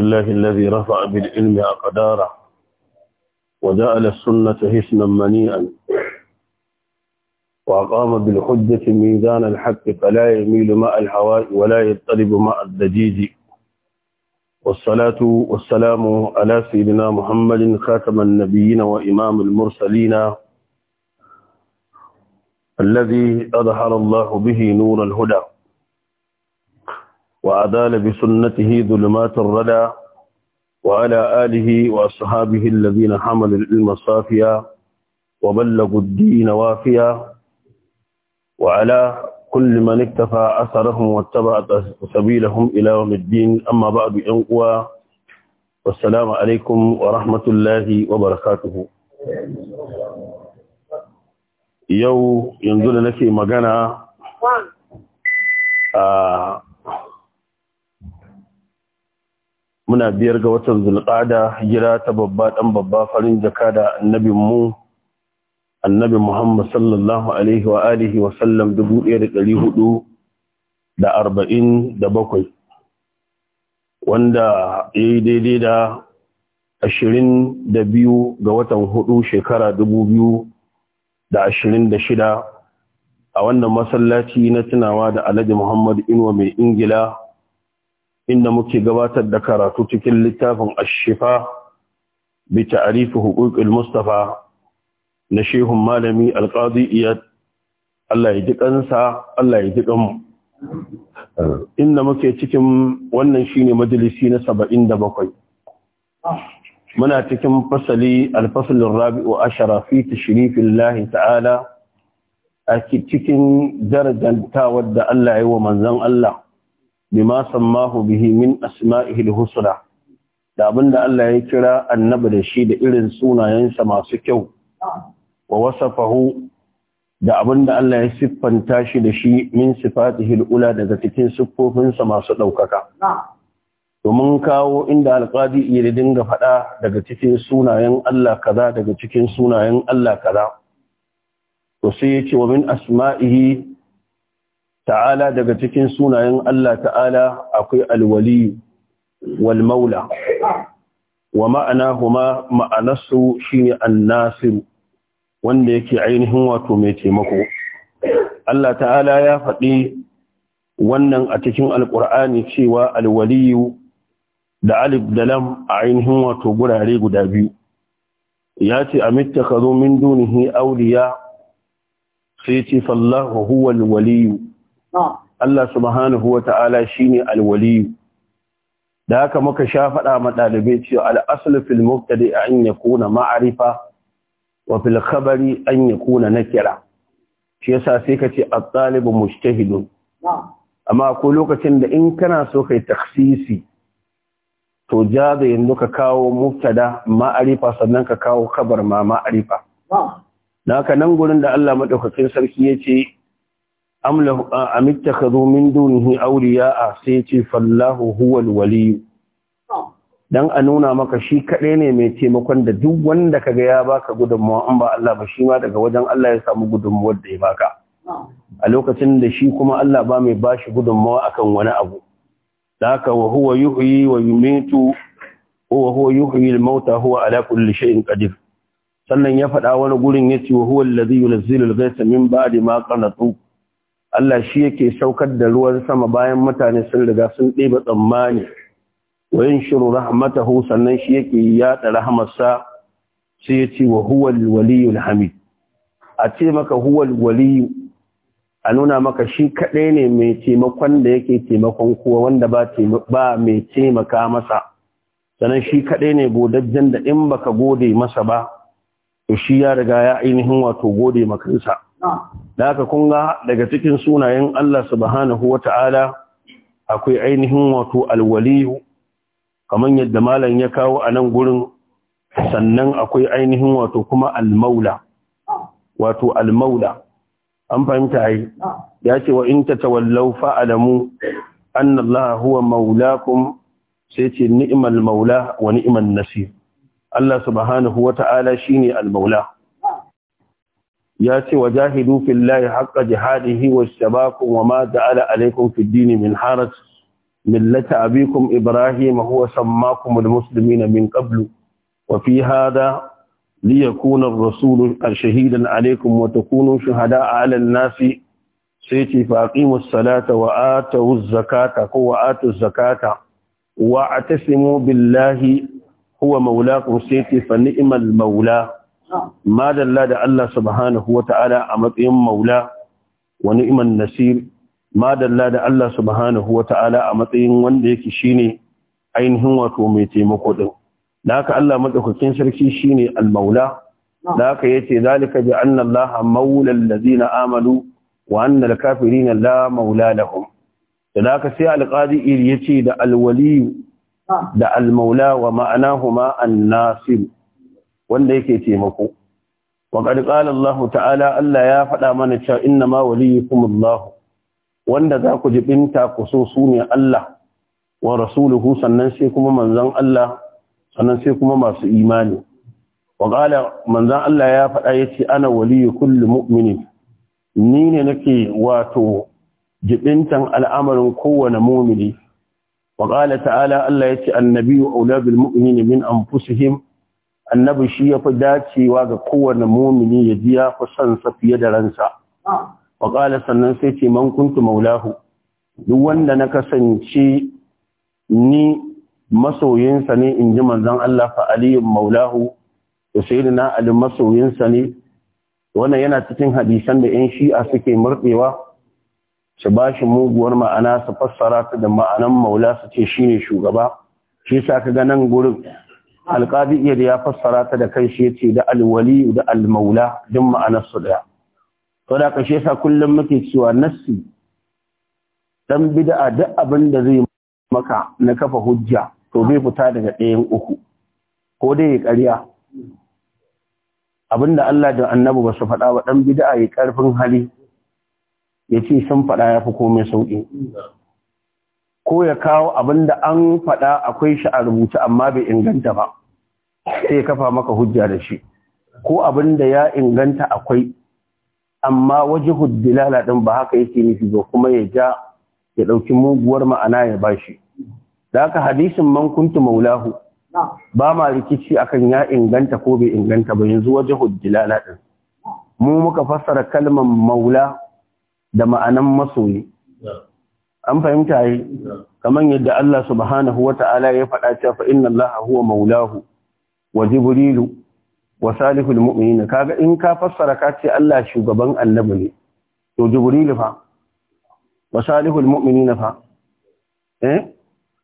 الله الذي رفع بالعلم أقداره وجعل السنة هشما منيئا وأقام بالحجة ميزان الحق فلا يميل ماء الهواء ولا يضطرب ماء الدجيج والصلاة والسلام على سيدنا محمد خاتم النبيين وإمام المرسلين الذي أظهر الله به نور الهدى وأذال بسنته ظلمات الردى وعلى آله وأصحابه الذين حملوا العلم صافيا وبلغوا الدين وافيا وعلى كل من اكتفى أثرهم واتبع سبيلهم إلى يوم الدين أما بعد أنقوى والسلام عليكم ورحمة الله وبركاته يو ينزل لك مجانا آه، muna biyar ga watan zulqada jira ta babba ɗan babba farin jaka da annabin annabi Muhammad sallallahu alaihi wa alihi wa sallam bakwai wanda yayi daidai da ashirin da biyu ga watan hudu shekara dubu biyu da da ashirin shida, a wannan masallaci na tunawa da Alhaji Muhammad Inuwa mai Ingila inda muke gabatar da karatu cikin littafin ashifa bi ta'arifi huquqil mustafa na shehun malami alqadi iyad Allah ya ji kansa Allah ya ji mu. inda muke cikin wannan shine majalisi na 77 muna cikin fasali alfasalin rabi'u ashara fi tashrifin lahi ta'ala a cikin darajantawar da Allah ya wa manzon Allah bima sammahu bihi min asma'ihi al-husna da abinda Allah ya kira annabi da shi da irin sunayensa masu kyau wa wasafahu da abinda Allah ya siffanta shi da shi min sifatihi al-ula daga cikin siffofinsa masu daukaka domin kawo inda alqadi ya dinga fada daga cikin sunayen Allah kaza daga cikin sunayen Allah kaza to sai ya ce wa min asma'ihi ta'ala daga cikin sunayen Allah ta'ala akwai alwaliyu wal maula wa kuma ma'anarsu shine annasiru wanda yake ainihin wato mai taimako Allah ta'ala ya faɗi wannan a cikin alƙur'ani cewa alwaliyu da alif da lam a ainihin wato gurare guda biyu ya ce zo min dunihi awliya sai ce fallahu huwal waliyu Allah subhanahu wa ta'ala shine alwaliyu da haka muka sha faɗa ma ɗalibai cewa al'asul fil mubtadi an yakuna ma'arifa wa fil khabari an yakuna nakira shi yasa sai ka ce at-talibu mujtahidun amma ko lokacin da in kana so kai taksisi to ja da yanzu ka kawo mubtada ma'arifa sannan ka kawo kabar ma ma'arifa na haka nan gurin da Allah madaukakin sarki yace am ittakhadhu min dunihi awliya'a sai ce fallahu huwal waliyu dan a nuna maka shi kaɗai ne mai taimakon da duk wanda ka ga ya baka gudunmuwa an ba Allah ba shi ma daga wajen Allah ya samu gudunmuwa da ya baka a lokacin da shi kuma Allah ba mai bashi gudunmuwa akan wani abu da haka wa huwa yuhyi wa yumitu wa huwa yuhyi al-mauta huwa ala kulli shay'in qadir sannan ya faɗa wani gurin yace wa huwa alladhi yunzilu al-ghaytha min ba'di ma qanatu Allah shi yake saukar da ruwan sama bayan mutane sun riga sun ɗeba tsammani wayin shiru rahmatahu sannan shi yake yaɗa rahamarsa sai ya ce wa huwal waliyul hamid a ce maka huwal waliyu a nuna maka shi kaɗai ne mai taimakon da yake taimakon kowa wanda ba mai taimaka masa sannan shi kaɗai ne bodajjen da in baka gode masa ba to shi ya riga ya ainihin wato gode makansa da haka kun daga cikin sunayen Allah subhanahu ta’ala akwai ainihin wato alwaliyu kamar yadda malam ya kawo a nan gurin sannan akwai ainihin wato kuma almaula wato almaula an fahimta yi ya ce wa in ta tawallau fa'alamu an Allah huwa maulakum sai ce ni'imal maula wa ni'imal nasir Allah subhanahu wata'ala shine almaula ya ce wa jahidu fillahi haqqa jihadihi wa ma ja'ala alaykum fid din min haraj millata abikum ibrahim huwa sammakum almuslimin min qablu wa fi hadha liyakuna ar-rasul shahidan alaykum wa takunu shuhada'a 'ala an-nasi sayati faqimus salata wa zakata wa atuz zakata wa atasimu billahi huwa mawlaakum sayati fa ni'mal mawlaa madalla da Allah subhanahu wata'ala a matsayin maula wa ni'man nasir madalla da Allah subhanahu wata'ala a matsayin wanda yake shine ainihin wato mai taimako din da haka Allah madaukakin sarki shine al-maula da yace zalika bi anna Allah maula allazina amanu wa anna al-kafirina la maula lahum da sai al-qadi yace da al-wali da al-maula wa ma'anahuma an-nasir wanda yake taimako wa qad Allah ta'ala Allah ya faɗa mana cewa inna ma waliyukum Allah wanda za ku jibinta ku so ne Allah wa rasuluhu sannan sai kuma manzan Allah sannan sai kuma masu imani wa qala Allah ya faɗa yace ana waliyyu kulli mu'minin ni ne nake wato jibintan al'amarin kowane mu'mini waƙala ta'ala Allah yace annabiyyu aula bil min anfusihim annabi shi ya fi dacewa ga kowane mumini ya ji ya fi son fiye da ransa wa sannan sai ce man kuntu maulahu duk wanda na kasance ni masoyinsa ne in ji manzon Allah fa aliyun maulahu da na ali masoyinsa ne wannan yana cikin hadisan da yan shi'a suke murɓewa su ba shi muguwar ma'ana su fassara ta da ma'anan maula su ce ne shugaba shi sa ka ga nan gurin alƙadi iya da ya fassara ta da kai shi ce da alwali da almaula duk ma'anar su daya to da kashe sa kullum muke cewa nassi dan bid'a duk abinda zai maka na kafa hujja to bai fita daga ɗayan uku ko dai ya ƙarya abinda Allah da Annabi ba su faɗa ba dan bid'a ya ƙarfin hali yace sun faɗa yafi komai sauƙi ko ya kawo abin da an faɗa akwai shi a rubuce amma bai inganta ba sai kafa maka hujja da shi ko abin da ya inganta akwai amma waje huddilala ɗin ba haka yake nufi ba kuma ya ja ya ɗauki muguwar ma'ana ya bashi da haka hadisin man kuntu maulahu ba ma rikici akan ya inganta ko bai inganta ba yanzu waje huddilala ɗin mu muka fassara kalmar maula da ma'anan masoyi an fahimta yi kamar yadda Allah subhanahu wa ta'ala ya faɗa cewa fa inna Allah huwa maulahu wa jibrilu wa salihul mu'minin kaga in ka fassara ka ce Allah shugaban annabi ne to jibrilu fa wa salihul mu'minin fa eh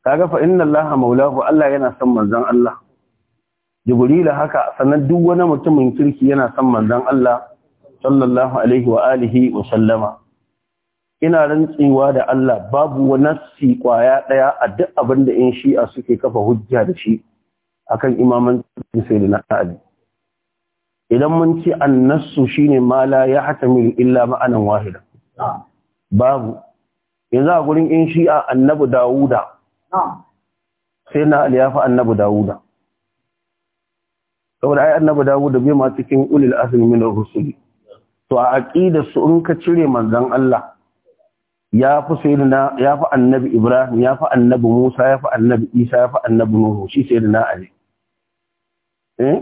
kaga fa inna Allah maulahu Allah yana son manzon Allah jibrilu haka sanan duk wani mutumin kirki yana son manzon Allah sallallahu alaihi wa alihi wa sallama ina rantsewa da Allah babu wani nassi kwaya daya a duk abin da in shi'a suke kafa hujja da shi akan imaman sayyidina Ali idan mun ci annasu shine ma la ya hatamil illa ma'anan wahida babu yanzu a gurin in shi'a Annabu Dawuda sai na Ali ya fi annabi Dawuda saboda ai Annabu Dawuda bai ma cikin ulil azmi min rusuli to a aqidar su in ka cire manzon Allah ya fi sayyidina ya fi annabi ibrahim ya fi annabi musa ya fi annabi isa ya fi annabi nuhu shi sayyidina ali eh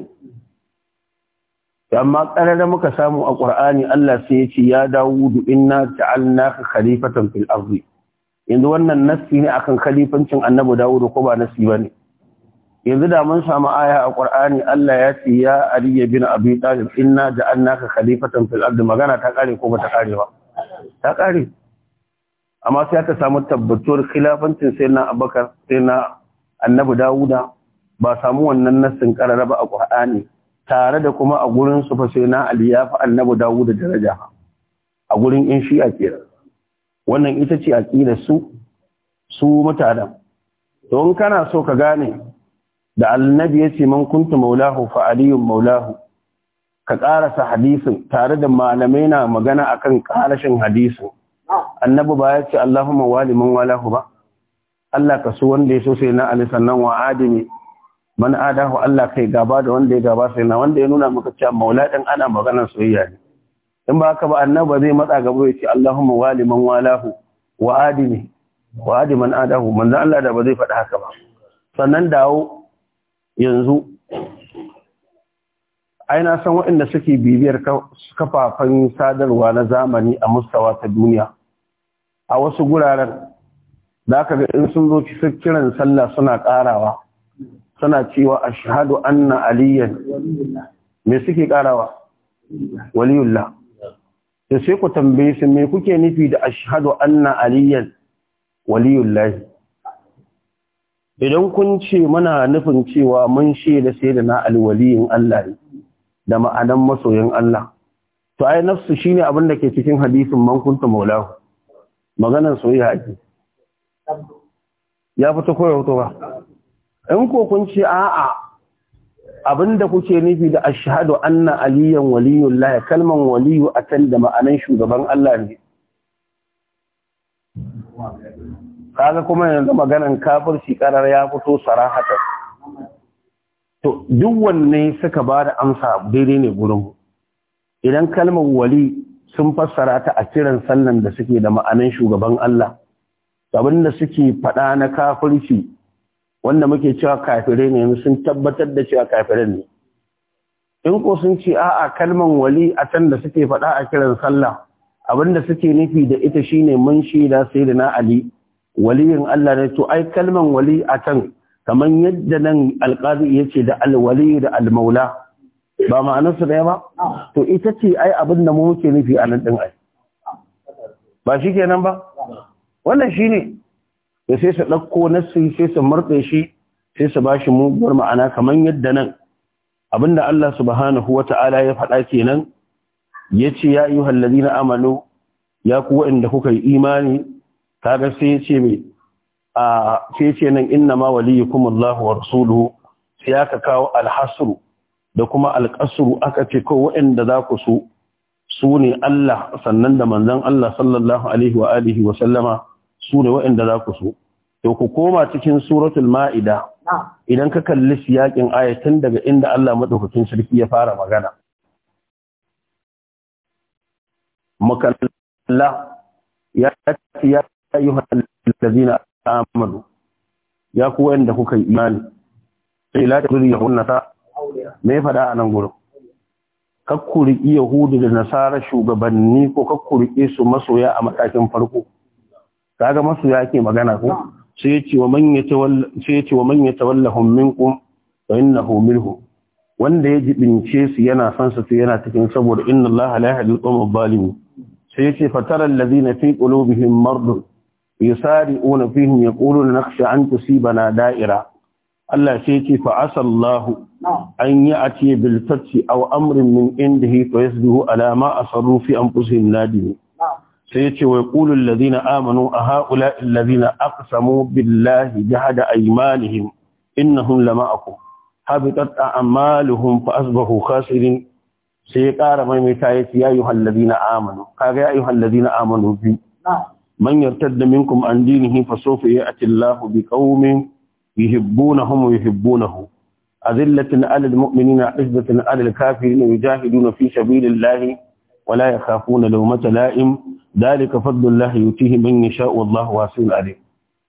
amma karara muka samu a qur'ani Allah sai ya ce ya dawudu inna ja'alnaka khalifatan fil ardi yanzu wannan nassi ne akan khalifancin annabi dawudu ko ba nassi bane yanzu da mun samu aya a Qur'ani Allah ya ce ya Ali bin Abi Talib inna ja'alnaka khalifatan fil ardi magana ta kare ko bata kare ba ta kare amma sai aka samu tabbatuwar khilafancin sai na abakar sai na annabi dawuda ba samu wannan nassin karara ba a ƙwa'ani tare da kuma a gurin su fa sai na ali annabi dawuda daraja a gurin in shi a wannan ita ce aƙidar su su mutanen don kana so ka gane da annabi yace man kuntu maulahu fa aliyun maulahu ka karasa hadisin tare da malamai na magana akan karashin hadisin annabi ba ya ce Allahumma waliman walahu ba Allah ka so wanda ya so sai na ali sannan wa adimi man adahu Allah kai gaba da wanda ya gaba sai na wanda ya nuna maka cewa maula din ana maganar soyayya ne in ba haka ba annabi zai matsa gaba ya ce Allahumma waliman walahu wa adimi wa adiman adahu manzo Allah da ba zai faɗi haka ba sannan dawo yanzu ai na san waɗanda suke bibiyar kafafen sadarwa na zamani a mustawa ta duniya a wasu guraren da aka ga in sun zo kiran sallah suna karawa suna cewa ashhadu anna aliyan me suke karawa waliyullah to sai ku tambaye su me kuke nufi da ashhadu anna aliyan waliyullah idan kun ce muna nufin cewa mun shaida da ali alwaliyin Allah ne da ma'anan masoyin Allah to ai nafsu shine abin da ke cikin hadisin man kunta maulahu maganar soyayya ake ya fito ko hoto ba in ko kun ce a'a abinda kuke nufi da ashhadu anna aliyan waliyullah kalman waliyu a can da ma'anan shugaban Allah ne kaga kuma yanzu maganan shi karar ya fito sarahata. to duk wanne suka ba da amsa daidai ne gurin idan kalmar wali sun fassara ta a kiran sallan da suke da ma'anan shugaban Allah abin da suke faɗa na kafirci wanda muke cewa kafire ne sun tabbatar da cewa kafire ne in ko sun ce a'a kalman wali a can da suke faɗa a kiran sallah abin da suke nufi da ita shine mun da sayyidina ali waliyin Allah ne to ai kalman wali a can kamar yadda nan alqazi yace da alwali da almaula ba ma'anarsa ɗaya ba to ita ce ai abin da mu muke nufi a nan ɗin ai ba shi kenan ba wannan shi ne da sai su ɗauko nassi sai su murɗe shi sai su ba shi muguwar ma'ana kamar yadda nan abinda Allah subhanahu wa ta'ala ya faɗa kenan ya ce ya yi hallazi na amalo ya ku waɗanda kuka yi imani kaga sai ya ce mai a sai ce nan inna ma waliyukum Allah wa rasuluhu sai ka kawo alhasru da kuma alƙasuru aka ce ko waɗanda za ku so su ne Allah sannan da manzan Allah sallallahu alaihi wa alihi wa sallama su ne waɗanda za ku so to ku koma cikin suratul ma'ida idan ka kalli siyakin ayatun daga inda Allah madaukakin sarki ya fara magana mukalla ya ya ayyuhal ladina amanu ya ku wanda kuka imani sai la tadriyahunna me ya faɗa a nan Ka kakkuriki yahudu da nasara shugabanni ko kakkuriki su masoya a matakin farko kaga masoya ke magana ko sai ya ce wa manya ya tawallahum minkum fa innahu minhu wanda ya jibince su yana son su yana cikin saboda inna allaha la yahdi al-qawm adh sai ya ce fatara alladhina fi qulubihim marad yusari'una fihim yaquluna nakhsha an tusibana da'ira Allah sai ce fa asallahu an yi a ce bil fatti aw amrin min indihi fa yasduhu ala ma asarru fi anfusihim nadim sai yace wa yaqulu alladhina amanu a haula alladhina aqsamu billahi jahada aymanihim innahum lama'akum habitat a'maluhum fa asbahu khasirin sai ya ƙara maimaita yace ya ayyuhal ladina amanu kaga ya ayyuhal ladina amanu bi man yartadda minkum an dinihi fa sawfa ya'ti bi biqaumin يحبونهم يحبونه أذلة على المؤمنين عزة على الكافرين يجاهدون في سبيل الله ولا يخافون لومة لائم ذلك فضل الله يؤتيه من يشاء والله واسع عليم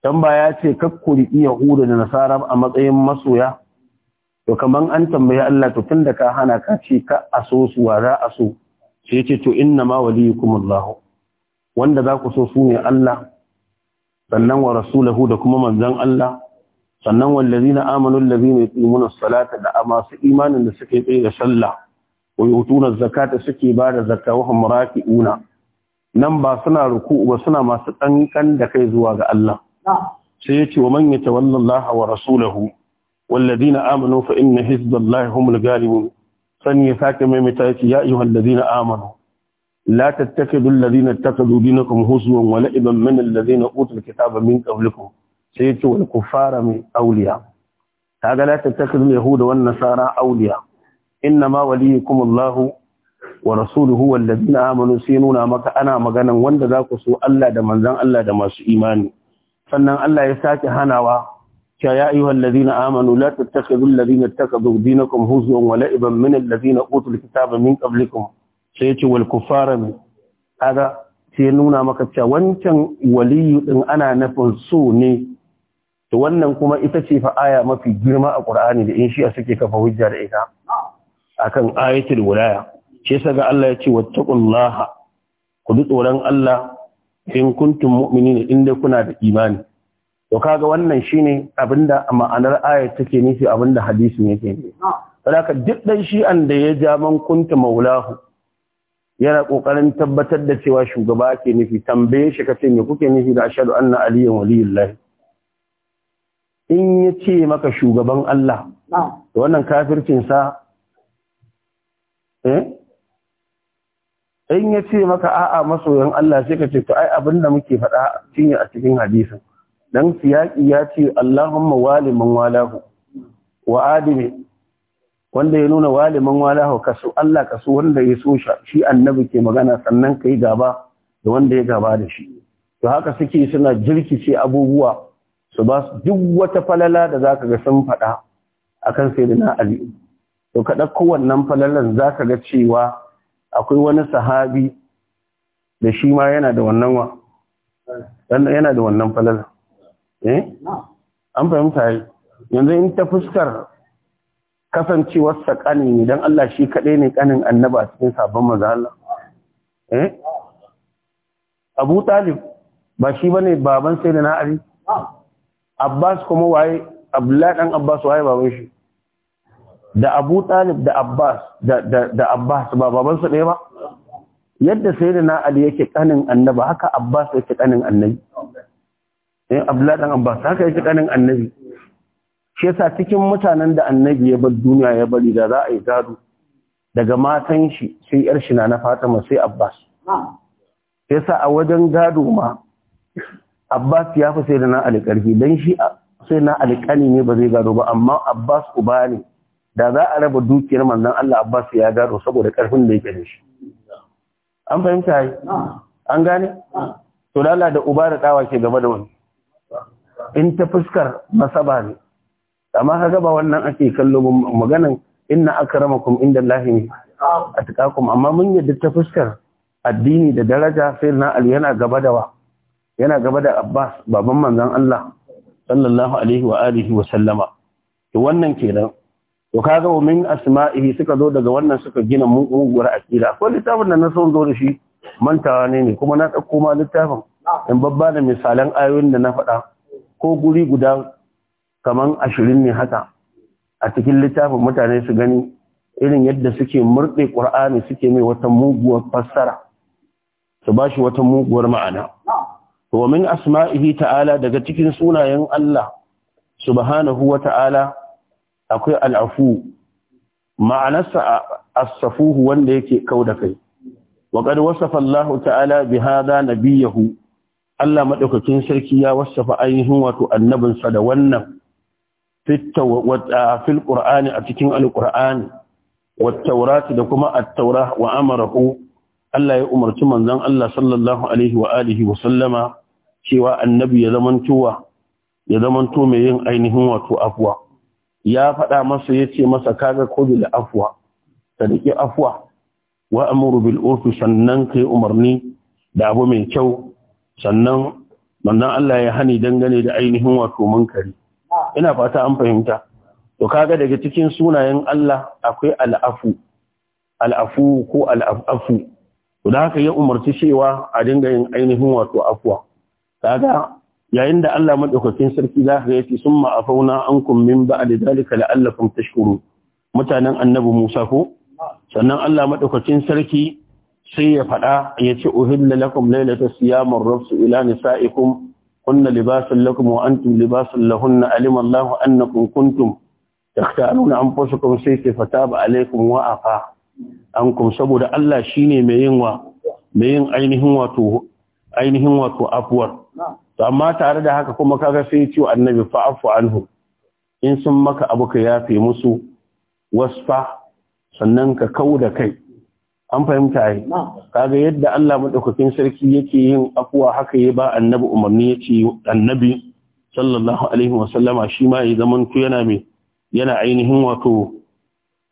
tambaya ce kakkuri yahuda da nasara a matsayin masoya to kaman an tambayi Allah to tunda ka hana ka ce ka aso su wa za a so sai ce to inna ma waliyukumullah wanda za ku so su ne Allah sannan wa rasulahu da kuma manzon Allah sannan wallazi na amanin lazi ne tsimuna salata da a masu imanin da suke tsaye da sallah wai hutunar zakata suke ba da zakka wa hamuraki una nan ba suna ruku ba suna masu ɗankan da kai zuwa ga Allah sai ya ce wa man wannan laha wa rasulahu wallazi na amanu fa inna hizballahi humul galibun sani ya sake maimaita ya ce ya iya wallazi na amanu لا تتخذوا الذين اتخذوا دينكم هزوا ولعبا من الذين اوتوا kitabar min قبلكم sai ya ce wal kufara mai auliya ta ga lati takdir yahuda wan nasara auliya inna ma kuma Allahu, wa rasuluhu wal ladina amanu sai nuna maka ana maganan wanda za ku so Allah da manzan Allah da masu imani sannan Allah ya sake hanawa cewa ya ayyuhal ladina amanu la tattakhidhu alladhina ittakhadhu dinakum huzwan wa la'iban min alladhina utul kitaba min qablikum sai yace wal kuffara kaga sai nuna maka cewa wancan waliyu din ana nufin su ne to wannan kuma ita ce fa aya mafi girma a Qur'ani da in shi suke kafa hujja da ita akan ayatul wilaya shi yasa ga Allah ya ce wattaqullaha ku bi tsoron Allah in kuntum mu'minin inda kuna da imani to kaga wannan shine abinda ma'anar aya take nufi abinda hadisin yake nufi saboda duk dan shi'an da ya ja man kunta maulahu yana kokarin tabbatar da cewa shugaba ke nufi tambaye shi kace me kuke nufi da ashhadu anna aliyyan waliyullahi in ya ce maka shugaban Allah da wannan kafircinsa eh in ya ce maka a'a masoyan Allah sai ka ce to ai abin da muke faɗa cinye a cikin hadisin dan siyaki ya ce Allahumma waliman walahu wa adimi wanda ya nuna waliman walahu kasu Allah kaso wanda ya so shi annabi ke magana sannan ka yi gaba da wanda ya gaba da shi to haka suke suna jirkice abubuwa to ba su duk wata falala da za ka ga sun faɗa a kan sai na Ali. To ka ɗauko wannan falalan za ka ga cewa akwai wani sahabi da shi ma yana da wannan wa. Yana da wannan falalan. Eh? An fahimta yi. Yanzu in ta fuskar kasancewarsa ƙani ne don Allah shi kaɗai ne ƙanin annaba cikin sabon mazala. Eh? Abu Talib ba shi ba ne baban sai da na'ari? abbas kuma waye abdullahi dan abbas waye baban shi da abu talib da abbas da abbas ba baban su ɗaya ba yadda sayyidina ali yake kanin annabi haka abbas yake kanin annabi eh abdullahi dan abbas haka yake kanin annabi shi yasa cikin mutanen da annabi ya bar duniya ya bari da za a yi gado daga matan shi sai yar shi na na fatima sai abbas yasa a wajen gado ma Abbas ya fi sai da na alƙarfi don shi sai na alƙani ne ba zai gado ba amma Abbas uba ne da za a raba dukiyar manzon Allah Abbas ya gado saboda ƙarfin da yake da shi an fahimta yi an gane to da Allah da uba da ɗawa ke gaba da wani in ta fuskar masaba ne amma ka gaba wannan ake kallo maganan inna akramakum inda Allahi a tukakum amma mun yadda ta fuskar addini da daraja sai na yana gaba da wa yana gaba da Abbas baban manzon Allah sallallahu alaihi wa alihi wa sallama to wannan kenan to kaga min asma'ihi suka zo daga wannan suka gina muguwar akida ko littafin da na so zo da shi mantawa ne ne kuma na dauko ma littafin in babba da misalan ayoyin da na faɗa ko guri guda kaman ashirin ne haka a cikin littafin mutane su gani irin yadda suke murɗe ƙur'ani suke mai wata muguwar fassara su ba shi wata muguwar ma'ana wa min asma'ihi ta'ala daga cikin sunayen Allah subhanahu wa ta'ala akwai al'afu ma'anarsa as-safuhu wanda yake kauda kai wa qad wasafa Allah ta'ala bi hadha nabiyahu Allah madaukakin sarki ya wasafa ainihin wato annabinsa da wannan fil qur'ani a cikin al-qur'ani wat da kuma at-taurah wa amarahu Allah ya umarci manzon Allah sallallahu alaihi wa alihi wa sallama cewa annabi ya tuwa ya zamanto mai yin ainihin wato afuwa ya faɗa masa ya ce masa kaga ko bil afuwa ka riƙi afuwa wa amuru bil urfi sannan kai umarni da abu mai kyau sannan manzon Allah ya hani dangane da ainihin wato munkari ina fata an fahimta to kaga daga cikin sunayen Allah akwai al'afu al'afu ko al'afu to da haka ya umarci cewa a dinga yin ainihin wato afuwa kaga yayin da Allah madaukakin sarki za ka yace summa afauna ankum min ba'di zalika la'allakum tashkuru mutanen annabi Musa ko sannan Allah madaukakin sarki sai ya fada yace uhilla lakum laylata siyamir rafsu ila nisaikum kunna libasan lakum wa antum libasan lahunna alima Allahu annakum kuntum fasa anfusakum sai ce fataba alaikum wa afa ankum saboda Allah shine mai yin wa mai yin ainihin wato ainihin wato afwar to amma tare da haka kuma kaga sai ciwo annabi fa'afu anhu in sun maka abu ka yafe musu wasfa sannan ka kau da kai an fahimta ai kaga yadda Allah madaukakin sarki yake yin afuwa haka ya ba annabi umarni yace annabi sallallahu alaihi wa sallama shi ma ya zaman ku yana me yana ainihin wato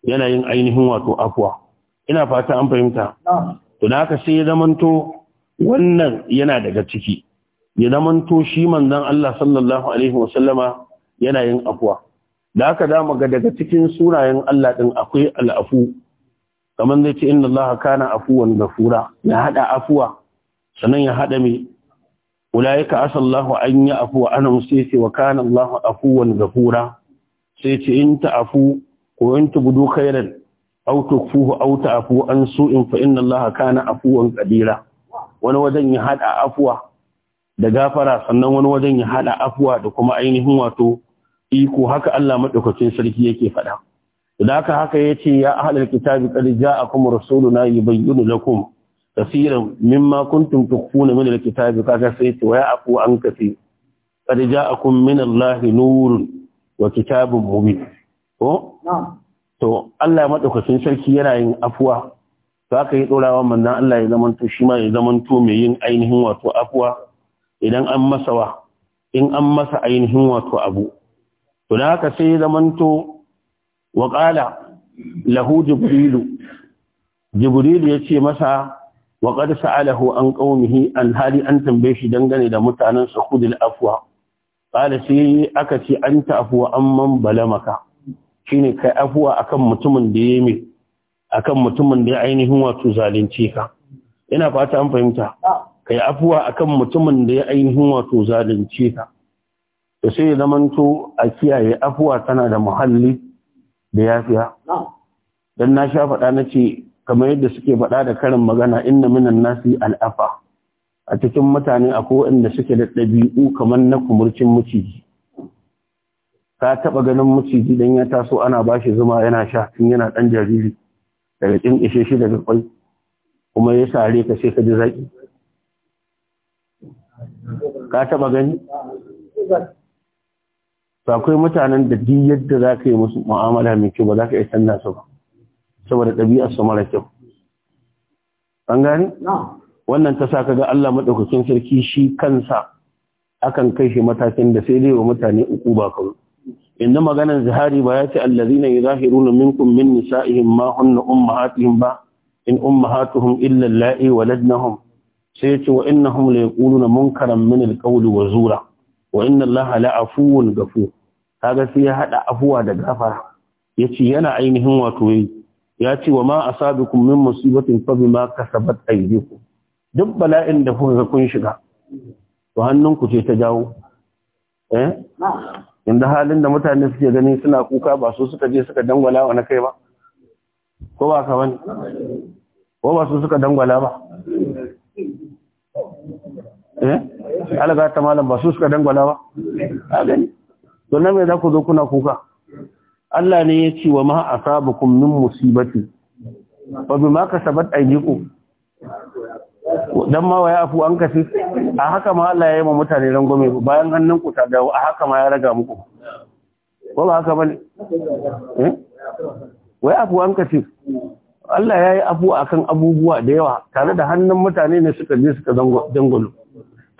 yana yin ainihin wato afuwa ina fata an fahimta to da haka sai ya to wannan yana daga ciki ya zamanto shi manzon Allah sallallahu alaihi wasallama yana yin afuwa da haka da ga daga cikin sunayen Allah ɗin akwai al'afu kamar zai ce inda Allah kana afuwan gafura ya haɗa afuwa sannan ya hada mai ulaika asallahu an yi afuwa ana musaiti wa kana Allah afuwan gafura sai ce in ta afu ko in tubudu khairan aw au ta afu an in fa inna Allah kana afuwan qadira wani wajen ya haɗa afuwa da gafara sannan wani wajen ya hada afuwa da kuma ainihin wato iko haka Allah madaukakin sarki yake faɗa da haka haka yace ya ahlul kitabi qad ja'akum rasuluna yubayyinu lakum kaseeran mimma kuntum tukhfuna min alkitabi kaga sai ce ya afu an kafi qad ja'akum min Allah nurun wa kitabun mubin ko to Allah madaukakin sarki yana yin afuwa za ka yi ɗorawa manzan Allah ya to shi ma ya zamanto mai yin ainihin wato afuwa idan an masa wa in an masa ainihin wato abu to da haka sai zamanto wa qala lahu jibrilu ya yace masa wa qad sa'alahu an qaumihi an hali an tambaye shi dangane da mutanen su khudil afwa qala sai aka ce anta afwa amman balamaka shine kai afwa akan mutumin da yayi akan mutumin da ya ainihin wato zalunci ka ina fata an fahimta ah. ka yi afuwa a kan mutumin da ya ainihin wato zalunce ka da sai zamanto a kiyaye afuwa tana da muhalli da yafiya Dan na sha faɗa na ce kamar yadda suke faɗa da karin magana inna minan nasi al'afa a cikin mutane akwai waɗanda suke da ɗabi'u kamar na kumurcin maciji ka taɓa ganin maciji don ya taso ana bashi zuma yana sha tun yana ɗan jariri daga ƙin ishe shi daga kwai kuma ya sare ka sai ka ji zaƙi ka taba gani Ba akwai mutanen da duk yadda za ka yi musu mu'amala mai kyau ba za ka yi canza su ba saboda ɗabi'ar su mara kyau an gani wannan ta sa kaga Allah madaukakin sarki shi kansa akan kai shi matakin da sai dai wa mutane uku ba kawai inda maganar zahari ba ya ce allazina yuzahiruna minkum min nisa'ihim ma hunna ummahatuhum ba in ummahatuhum illa allati waladnahum sai ya ce wa innahum la yaquluna munkaran min alqawli wa zura wa inna allaha la afuwun ghafur kaga sai ya hada afuwa da gafara yace yana ainihin wato yi ya ce wa ma asabikum min musibatin fa bima kasabat aydikum duk bala'in da kuka kun shiga to hannunku ce ta jawo eh inda halin da mutane suke gani suna kuka ba su suka je suka dangwala wa na kai ba ko ba ka wani ko ba su suka dangwala ba eh alaga ta malam ba su suka dangwala ba a gani to nan me za ku zo kuna kuka Allah ne ya ce wa ma asabukum min musibati wa bima kasabat aydiku dan ma waya afu an kasi a haka ma Allah ya yi ma mutane rangume bayan hannun ku ta dawo a haka ma ya raga muku ko ba haka bane eh waya afu an kasi Allah ya yi afu akan abubuwa da yawa tare da hannun mutane ne suka je suka dangwalo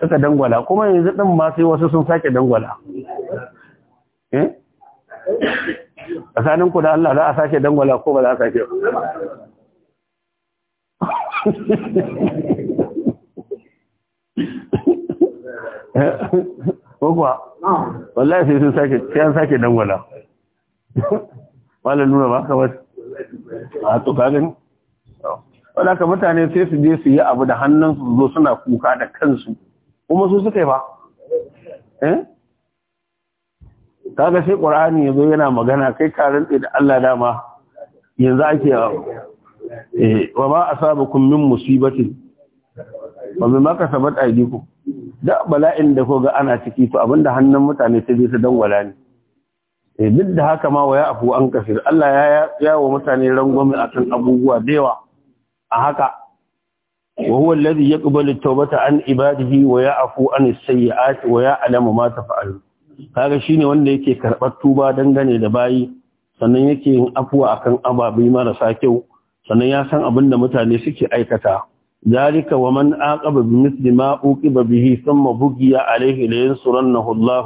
suka dangwala kuma yanzu ɗin ma sai wasu sun sake dangwala eh? tsakanin ku da Allah za a sake dangwala ko ba za a sake ko kuwa wallahi sai sun sake sai an sake dangwala wala nuna ba ka a to Wala wadaka mutane sai su je su yi abu da hannun su zo suna kuka da kansu kuma su suka yi ba eh kaga sai ya zo yana magana kai karin da Allah dama yanzu ake eh wa ma asabakum min musibatin maka bima kasabat aydikum da bala'in da koga ana ciki to abinda hannun mutane ta biyu ta dangwala ne eh, duk da haka ma waya afu an kafir Allah ya yawo mutane a kan abubuwa da yawa a haka وهو الذي يقبل التوبة عن عباده ويعفو عن السيئات ويعلم ما تفعل kaga shine wanda yake karɓar tuba dangane da bayi sannan yake yin afuwa akan ababe marasa kyau sannan ya san abin da mutane suke aikata zalika wa man aqaba bi misli ma uqiba bihi thumma bughiya alayhi la yansurannahu Allah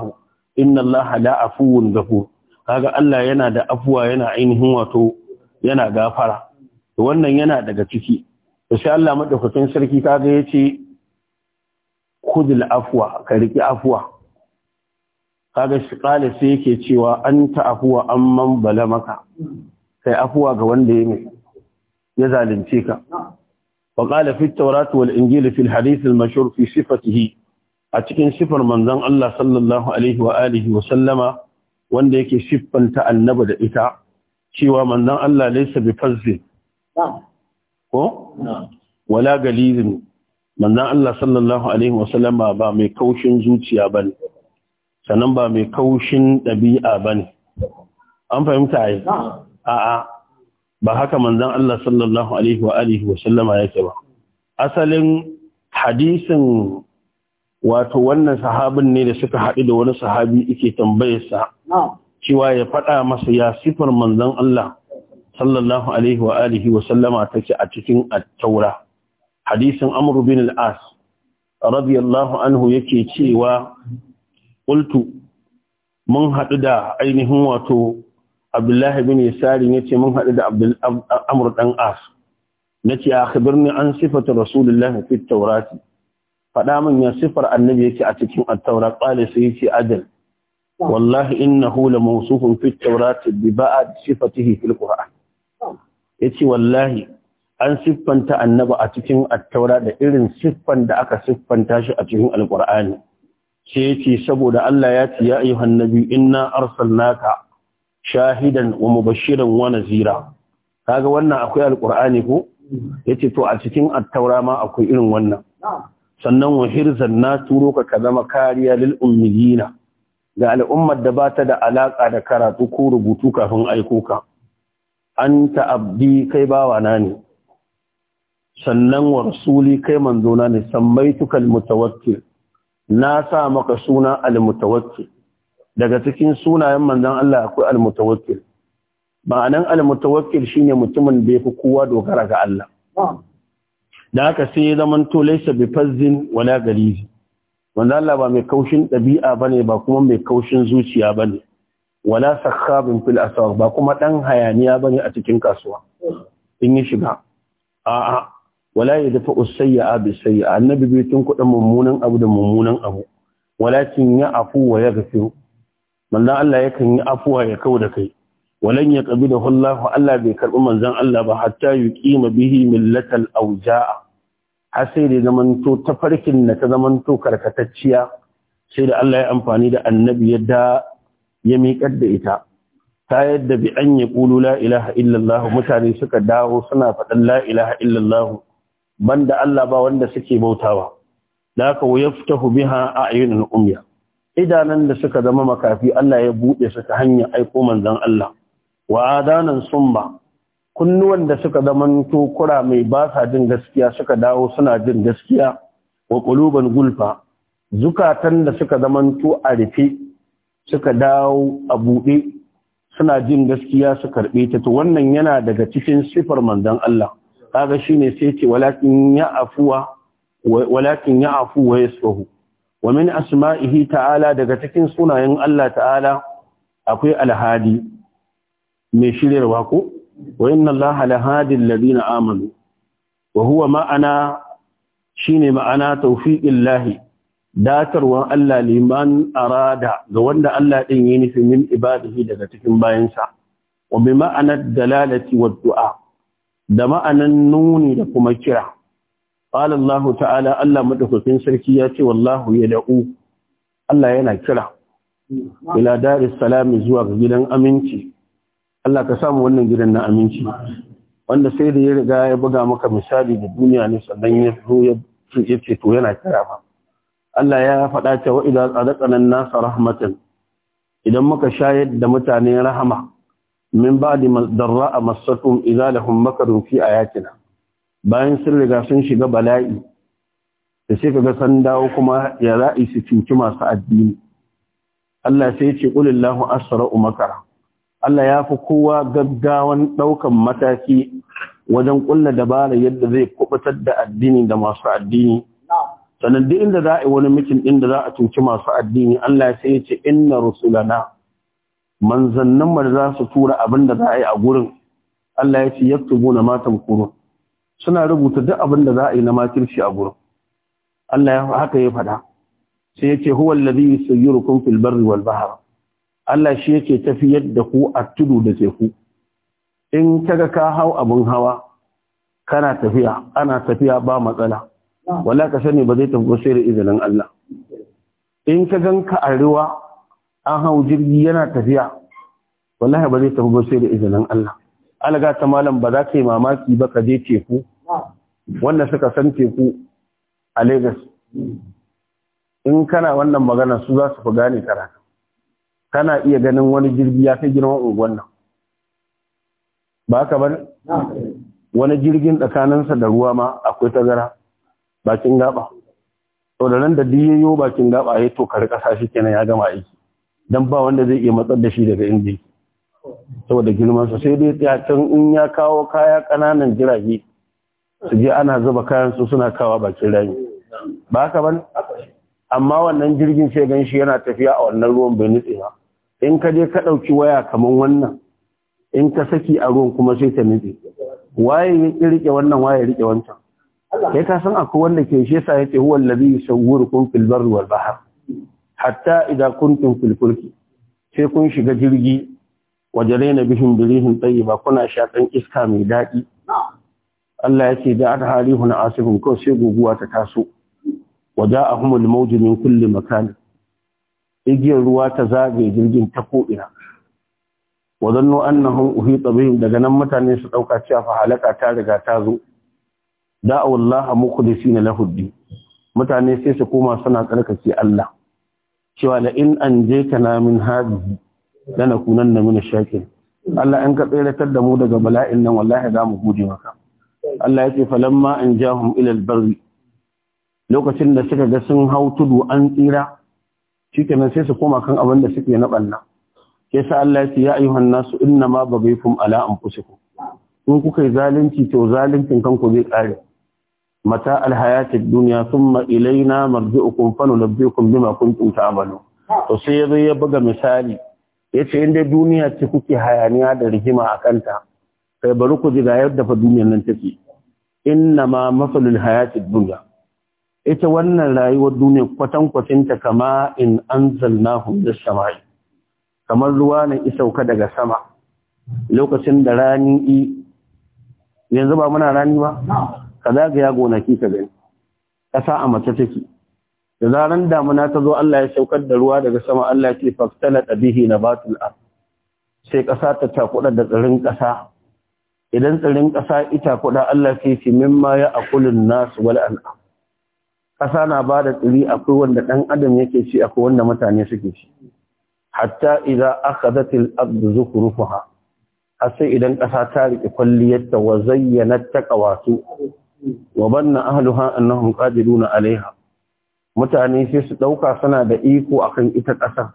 Allah la afuwun ghafur kaga Allah yana da afuwa yana ainihin wato yana gafara wannan yana daga ciki sai Allah maɗaukakin sarki ta ga ya ce, Kudul afuwa, ka riƙi afuwa. Ka ga shi ƙale sai yake cewa an ta afuwa an man bala maka, sai afuwa ga wanda ya mai, ya zalince ka. Wa ƙale fi tauratu wal injili fil hadithin mashur fi sifatihi a cikin sifar manzan Allah sallallahu alaihi wa wa sallama wanda yake siffanta annaba da ita cewa manzan Allah laisa bi fazzin. ko wala galilin manzan Allah sallallahu alaihi wasallam ba mai kaushin zuciya bane sannan ba mai kaushin dabi'a bane an fahimta ai a'a ba haka manzan Allah sallallahu alaihi wa alihi yake ba asalin hadisin wato wannan sahabin ne da suka haɗu da wani sahabi yake tambayarsa cewa ya faɗa masa ya sifar manzon Allah sallallahu alaihi wa alihi wa sallama take a cikin at-taura hadisin amr bin al-as radiyallahu anhu yake cewa qultu mun hadu da ainihin wato abdullahi bin yasari yace mun hadu da abdul amr dan as nace akhbirni an sifatu rasulullahi fi at-taurati fada min ya sifar annabi yake a cikin at-taura qala sai yace adal والله إنه لموصوف في التوراة ببعض صفته في القرآن ya ce wallahi an siffanta annaba a cikin attaura da irin siffan da aka siffanta shi a cikin alkur'ani sai ya ce saboda Allah ya ce ya ayyuhan nabi inna arsalnaka shahidan wa mubashiran wa nazira kaga wannan akwai alkur'ani ko yace to a cikin attaura ma akwai irin wannan sannan wa hirzan na turo ka ka zama kariya lil ummiyina ga al'ummar da ba ta da alaka da karatu ko rubutu kafin aiko ka an ta'abdi kai bawana ne sannan wa rasuli kai manzona ne sammaituka almutawakkil na sa maka suna almutawakkil daga cikin sunayen manzon Allah akwai almutawakkil ma'anan almutawakkil shine mutumin da yafi kowa dogara ga Allah da haka sai ya zaman to laysa bi fazzin wala galizi manzon Allah ba mai kaushin dabi'a bane ba kuma mai kaushin zuciya bane wala sakhabin fil ba kuma dan hayaniya bane a cikin kasuwa in yi shiga a'a wala yadfa usayya bi sayya annabi bai tun kudin mummunan abu da mummunan abu walakin ya afu wa yaghfiru manzon Allah yakan yi afuwa ya kau da kai walan ya da Allah Allah bai karbi manzon Allah ba hatta yuqima bihi millatal awja'a har sai da zamanto tafarkin na ta zamanto karkatacciya sai da Allah ya amfani da annabi ya da ya miƙar da ita ta yadda bi an yi ƙulu la illallah mutane suka dawo suna faɗin la'ilaha illallahu illallah banda Allah ba wanda suke bautawa da fita wa yaftahu a a'yunul umya idanan da suka zama makafi Allah ya buɗe suka hanyar aiko manzan Allah wa adanan summa kunnuwan da suka zamanto kura mai ba sa jin gaskiya suka dawo suna jin gaskiya wa ƙuluban gulfa zukatan da suka zamanto a rufe suka dawo a buɗe suna jin gaskiya su karɓe ta to wannan yana daga cikin sifar manzon Allah kaga shine sai ce walakin ya afuwa walakin ya afu wa yasfahu min asma'ihi ta'ala daga cikin sunayen Allah ta'ala akwai alhadi mai shiryarwa ko wa inna Allah alhadi alladhina amanu wa huwa ma'ana shine ma'ana tawfiqillahi datarwan Allah liman arada ga wanda Allah din yi nufi min ibadahi daga cikin bayansa wa bi ma'anar dalalati wa du'a da ma'anan nuni da kuma kira qala Allah ta'ala Allah madaukakin sarki ya ce wallahu yad'u Allah yana kira ila daris salam zuwa ga gidan aminci Allah ka samu wannan gidan na aminci wanda sai da ya riga ya buga maka misali da duniya ne sannan ya zo ya ce to yana kira ba Allah ya faɗa cewa idan tsadaƙanan nasa rahmatan idan muka shayar da mutane rahama min ba da darra a masatun idan lahun makarun fi a yakina bayan sun riga sun shiga bala'i da sai kaga san dawo kuma ya ra'i su cuci masu addini Allah sai ya ce qulillahu asra'u makara Allah ya fi kowa gaggawan ɗaukan mataki wajen ƙulla dabara yadda zai kubutar da addini da masu addini sannan duk inda za a yi wani mitin din da za a cuci masu addini Allah sai ya ce inna rusulana manzannin mu za su tura abin za a yi a gurin Allah ya ce yaktubuna ma tamkurun suna rubuta duk abinda za a yi na makirci a gurin Allah ya haka ya faɗa sai ya ce huwa alladhi yusayyirukum fil barri wal bahr Allah shi yake tafiyar da ku a tudu da teku in kaga ka hau abin hawa kana tafiya ana tafiya ba matsala wala ka sani ba zai tafi ba sai da izinin Allah in ka gan ka arewa an hau jirgi yana tafiya wallahi ba zai tafi ba sai da izinin Allah alaga ta malam ba za ka yi mamaki ba ka je teku wanda suka san teku a Lagos in kana wannan magana su za su fi gane karatu kana iya ganin wani jirgi ya kai girman unguwan nan ba ka bar wani jirgin tsakaninsa da ruwa ma akwai tazara bakin gaba to da nan da diyayo bakin gaba ya to kar kasa shi kenan ya gama aiki dan ba wanda zai iya matsar da shi daga inda yake saboda girman sa sai dai ya can in ya kawo kaya kananan jirage su je ana zuba kayan su suna kawa bakin rami ba haka bane amma wannan jirgin sai gan shi yana tafiya a wannan ruwan bai nutse ba in ka je ka ɗauki waya kaman wannan in ka saki a ruwan kuma sai ta nutse waye ya rike wannan waye ya rike wancan sai ka san akwai wanda ke shi yasa yace huwa allazi yusawwirukum fil barri wal bahr hatta idza kuntum fil fulki sai kun shiga jirgi wajarena bihim birihin tayyiba kuna shakan iska mai dadi Allah yace da adharihun asifun ko sai guguwa ta taso waja'ahumul mawju min kulli makan igiyar ruwa ta zage jirgin ta ko ina wadannu annahum uhita bihim daga nan mutane su dauka cewa fa halaka ta riga ta zo da'u Allah mukhlisina lahu din mutane sai su koma suna tsarkake Allah cewa la in anjaytana min hadhihi lanakunanna min ash-shakirin Allah in ka tsiratar da mu daga bala'in nan wallahi za mu gode maka Allah yake falamma anjahum ila al-barri lokacin da suka ga sun hau tudu an tsira shikenan sai su koma kan abin da suke na banna yasa Allah yake ya ayyuhan nasu inna ma bagaykum ala anfusikum in kuka yi zalunci to zaluncin kanku zai kare متاع الحياة الدنيا ثم إلينا مرجعكم فننبئكم kun كنتم amalu. to sai ya zo ya buga misali ya ce inda duniya ce kuke hayaniya da rigima a kanta kai bari ku bi ga yadda fa duniyar nan take inna ma masalul hayatid duniya. ita wannan rayuwar duniya kwatan kwatin kama in anzalnahu min samai kamar ruwa ne isauka daga sama lokacin da rani yanzu ba muna rani ba ka ya gonaki ka gani ƙasa a mace take da zaran damuna ta zo Allah ya saukar da ruwa daga sama Allah ya ce faktala bihi nabatul ard sai ƙasa ta kuɗa da tsirin ƙasa idan tsirin ƙasa ita kuɗa, Allah sai ce mimma ya akulun nas wal an'am ƙasa na ba da tsiri akwai wanda ɗan adam yake ci akwai wanda mutane suke ci hatta idza akhadhat al-ard zukhrufaha har sai idan ƙasa ta riƙe kwalliyarta wa zayyanat taqawatu wa ahluha annahum qadiruna alaiha mutane sai su dauka suna da iko akan ita ƙasa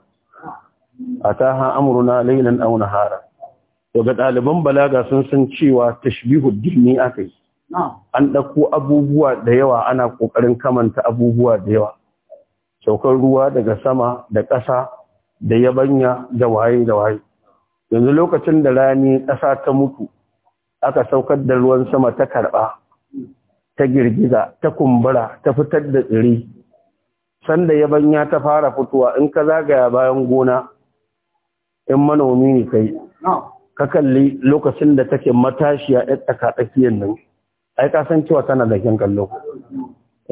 ataha amruna laylan aw nahara to ga ɗaliban balaga sun san cewa tashbihu dinni akai an dauko abubuwa da yawa ana kokarin kamanta abubuwa da yawa saukar ruwa daga sama da ƙasa da yabanya da waye da waye yanzu lokacin da rani ƙasa ta mutu aka saukar da ruwan sama ta karɓa ta girgiza ta kumbura ta fitar da tsiri sanda yabanya ta fara fitowa in ka zagaya bayan gona in manomi ne kai ka kalli lokacin da take matashiya ɗan tsakiyar nan ai ka san cewa tana da kin kallo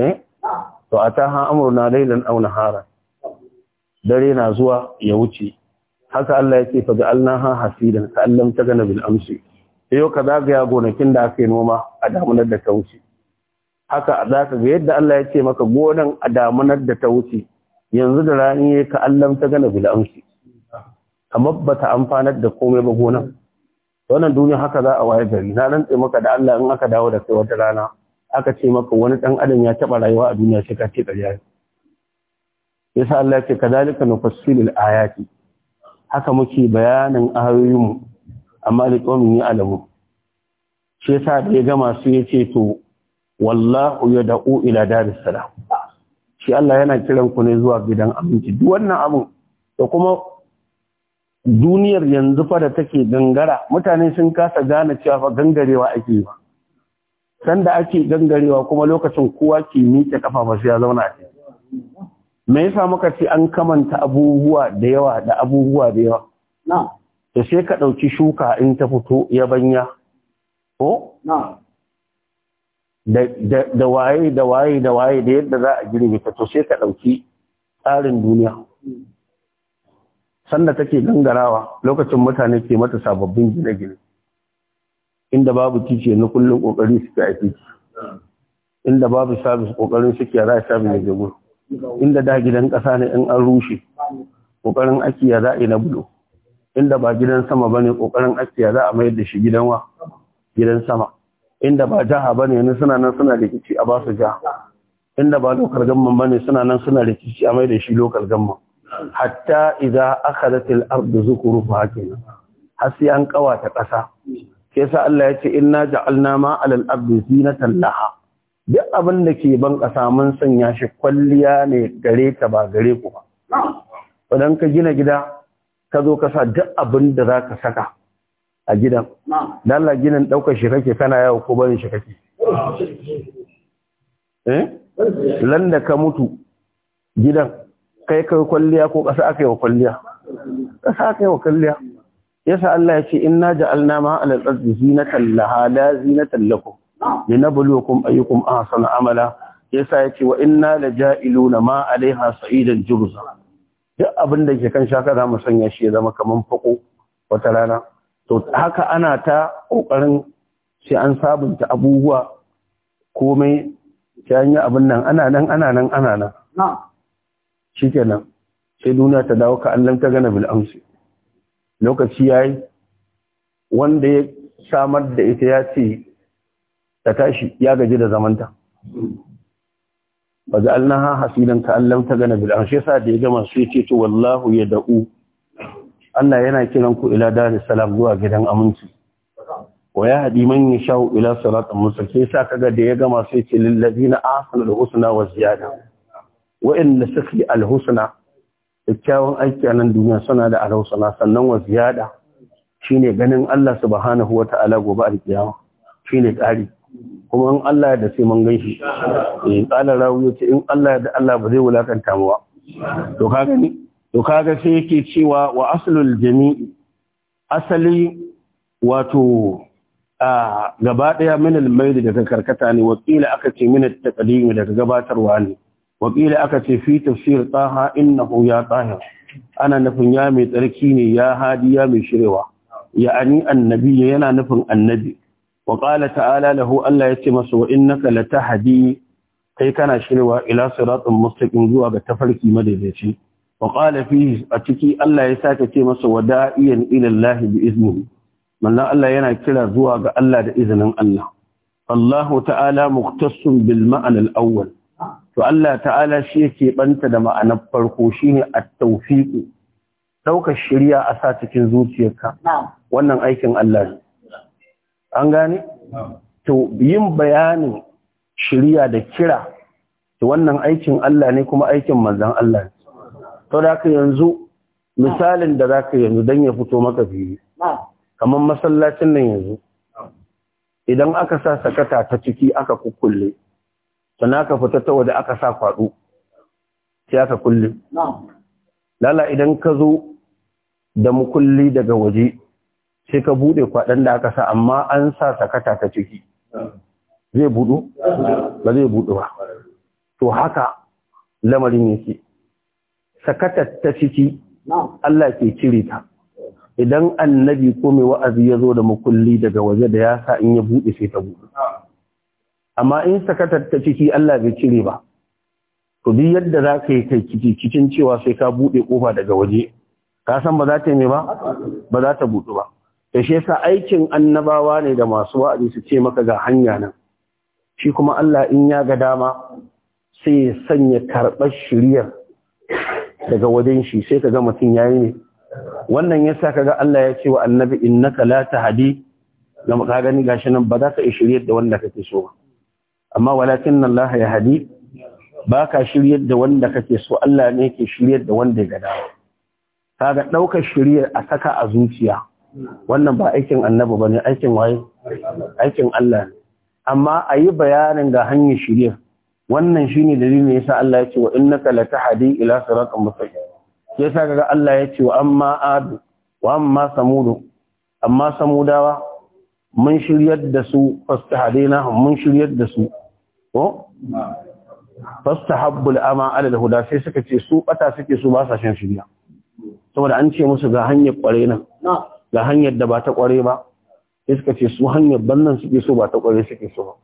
eh to a ta ha amurna lailan aw nahara dare na zuwa ya wuce haka Allah ya ce fa ha hasidan ka ta tagana bil amsi yau ka zagaya gonakin da aka yi noma a damunar da ta wuce haka za ka ga yadda Allah ya ce maka gonan a damunar da ta wuce yanzu da rani ya ka Allah ta gana amsi amma ba ta amfanar da komai ba gonan wannan duniya haka za a waye gari na rantse maka da Allah in aka dawo da kai wata rana aka ce maka wani dan adam ya taba rayuwa a duniya sai ka ce ƙarya yasa Allah ya ce kadalika nufassilul ayati haka muke bayanin ayoyinmu amma alƙawamin ya alamu shi yasa da ya gama su ya ce to wallahu ya ila daris salam shi Allah yana kiran ku ne zuwa gidan aminci duk wannan abun da kuma duniyar yanzu fa da take gangara mutane sun kasa gane cewa fa gangarewa ake yi sanda ake gangarewa kuma lokacin kowa ke miƙe kafa ba sai ya zauna a me yasa muka ci an kamanta abubuwa da yawa da abubuwa da yawa na sai ka ɗauki shuka in ta fito yabanya ko na da waye da waye da waye da yadda za a girbe ta to sai ka ɗauki tsarin duniya sanda take gangarawa lokacin mutane ke mata sababbin gine-gine inda babu tice na kullum kokari suke a titi inda babu sabis kokarin suke a sabis da jago inda da gidan ƙasa ne in an rushe kokarin ake a yi na bulo inda ba gidan sama bane kokarin ake za a mayar da shi gidan wa gidan sama inda ba jaha ba ne suna nan suna rikici a ba su jaha inda ba lokal gamman ba ne suna nan suna rikici a mai da shi lokal gamman hatta idza aka al-ard zukuruha kenan har sai an ta ƙasa sai sa Allah ya ce inna ja'alna ma alal al-ard zinatan laha duk abin da ke ban ƙasa mun sanya shi kwalliya ne gare ta ba gare ku ba Wadan ka gina gida ka zo ka sa duk abin da zaka saka a gidan da Allah ginin daukar shi kake kana yawo ko barin shi kake eh landa ka mutu gidan kai kai kwalliya ko kasa aka yi wa kwalliya kasa aka yi wa kwalliya yasa Allah ya ce inna ja'alna ma alal ardi zinatan laha la zinatan lakum linabluwakum ayyukum ahsanu amala yasa ya ce wa inna laja'iluna ma alaiha sa'idan jurza duk abin da ke kan shaka za mu sanya shi ya zama kaman fako wata rana to haka ana ta ƙoƙarin sai an sabunta abubuwa komai ta hanyar abin nan ana nan ana nan ana nan shi kenan sai duniya ta dawo ka allon ta gana bil'amsu. lokaci ya yi wanda ya samar da ita ya ce ta tashi ya gaji da zamanta ba za'al na ha hasilin ka allon ta gana Ya yasa da ya gama sai ce to wallahu ya da'u Allah yana kiran ku ila daris salam zuwa gidan aminci wa ya hadi man yasha ila siratal mustaqim sai kaga da ya gama sai ce lil ladina ahsanu al husna wa ziyada wa in sakhi al husna kyakkyawan aiki a nan duniya suna da al husna sannan wa ziyada shine ganin Allah subhanahu wa ta'ala gobe alkiyama shine ƙari kuma in Allah ya da sai mun ganshi in eh, qala rawi yace in Allah ya da Allah ba zai wulakanta mu ba to ka gani to kaga sai yake cewa wa aslul jami'i asali wato gaba ɗaya min al daga karkata ne wakila aka ce min at daga gabatarwa ne wakila aka ce fi tafsir taha innahu ya tahir ana nufin ya mai tsarki ne ya hadi ya mai shirewa ya ani annabi yana nufin annabi wa qala ta'ala lahu Allah yace masa wa innaka latahdi kai kana shirewa ila siratin mustaqim zuwa ga tafarki madaidaici وقال فيه اتكي الله يساك ce masa وداعيا ilallahi bi باذنه من Allah yana kira zuwa ga Allah da izinin Allah Allahu ta'ala muktasun بالمعنى الاول to Allah ta'ala shi yake banta da ma'anar farko shine at-tawfiq daukar shiriya a sa cikin zuciyarka wannan aikin Allah ne an gane to yin bayanin shiriya da kira to wannan aikin Allah ne kuma aikin manzon Allah ne to da ka yanzu misalin da za ka yanzu don ya fito maka fili kamar masallacin nan yanzu idan aka sa sakata ta ciki aka kukkulle sana ka fita ta aka sa kwaɗo sai aka kulle lala idan ka zo da mukulli daga waje sai ka buɗe kwaɗon da aka sa amma an sa sakata ta ciki zai buɗe, ba zai buɗu ba to haka lamarin yake sakatar ta ciki Allah ke cire ta idan annabi ko mai wa'azi ya zo da makulli daga waje da ya sa in ya buɗe sai ta buɗe amma in sakatar ta ciki Allah bai cire ba to duk yadda za ka yi kai cikin cewa sai ka buɗe ƙofa daga waje ka san ba za ta yi ba ba za ta buɗe ba da shi yasa aikin annabawa ne da masu wa'azi su ce maka ga hanya nan shi kuma Allah in ya ga dama sai ya sanya karɓar shiryar? daga wajen shi sai ka kaga mutum yayi ne wannan ka ga Allah ya ce wa annabi innaka la Hadi? lam ka gani gashi nan ba za ka shiryar da wanda kake so ba amma walakin Allah ya hadi ba ka shiryar da wanda kake so Allah ne yake shiryar da wanda ya gada kaga ɗaukar shirya a saka a zuciya wannan ba aikin annabi ne, aikin waye aikin Allah amma ayi bayanin ga hanyar shiryar wannan shine dalilin yasa Allah ya ce wa innaka latahdi ila siratin mustaqim yasa kaga Allah ya ce wa amma adu wa amma samud amma samudawa mun shiryar da su fastahadina mun shiryar da su ko fastahabbul ama ala huda sai suka ce su bata suke su ba sa shan shirya saboda an ce musu ga hanyar kware nan ga hanyar da ba ta kware ba sai suka ce su hanyar bannan suke so ba ta kware suke so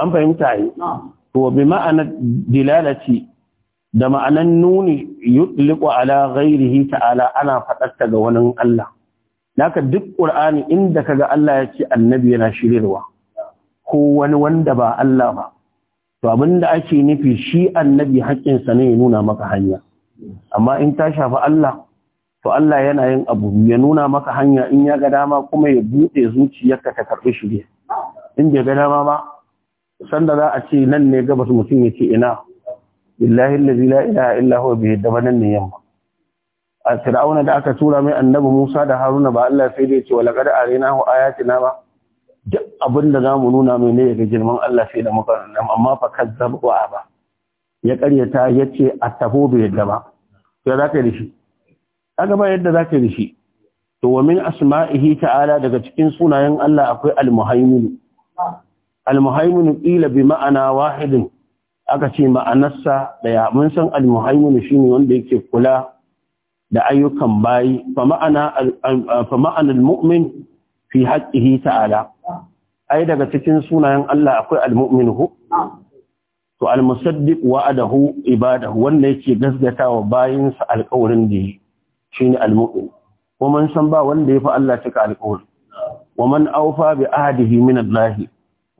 an fahimta yi to ma'anar dilalati da ma'anar nuni yutliqu ala ghairihi ala ana faɗarta ga wani Allah naka duk qur'ani inda kaga Allah ya ci annabi yana shirirwa ko wani wanda ba Allah ba to abinda ake nufi shi annabi hakkin sa ne ya nuna maka hanya amma in ta shafi Allah to Allah yana yin abu ya nuna maka hanya in ya ga dama kuma ya buɗe zuciyarka ta karɓi shirye in bai ga dama ba sanda za a ce nan ne gabas mutum ya ce ina billahi allazi la ilaha illa huwa bihi da nan ne yamma a fir'auna da aka tura mai annabi Musa da Haruna ba Allah sai dai ce wa laqad arinahu ayatina ba duk abin da zamu nuna mai ne ga girman Allah sai da muka nan amma fa kazzab wa aba ya karyata yace attahu bai yadda ba to za ka yi shi kaga ba yadda za ka yi shi to wa min asma'ihi ta'ala daga cikin sunayen Allah akwai al-muhaimin al-muhaimin qila bi ma'ana wahidin aka ce ma'anarsa daya mun san al-muhaimin shine wanda yake kula da ayyukan bayi fa ma'ana fa ma'ana al-mu'min fi haqqihi ta'ala ai daga cikin sunayen Allah akwai al-mu'min hu to al-musaddiq wa'adahu ibadahu wanda yake gaskatawa bayinsa alƙawarin da yi shine al-mu'min kuma mun san ba wanda ya fi Allah cika alƙawari wa man awfa bi ahdihi min Allah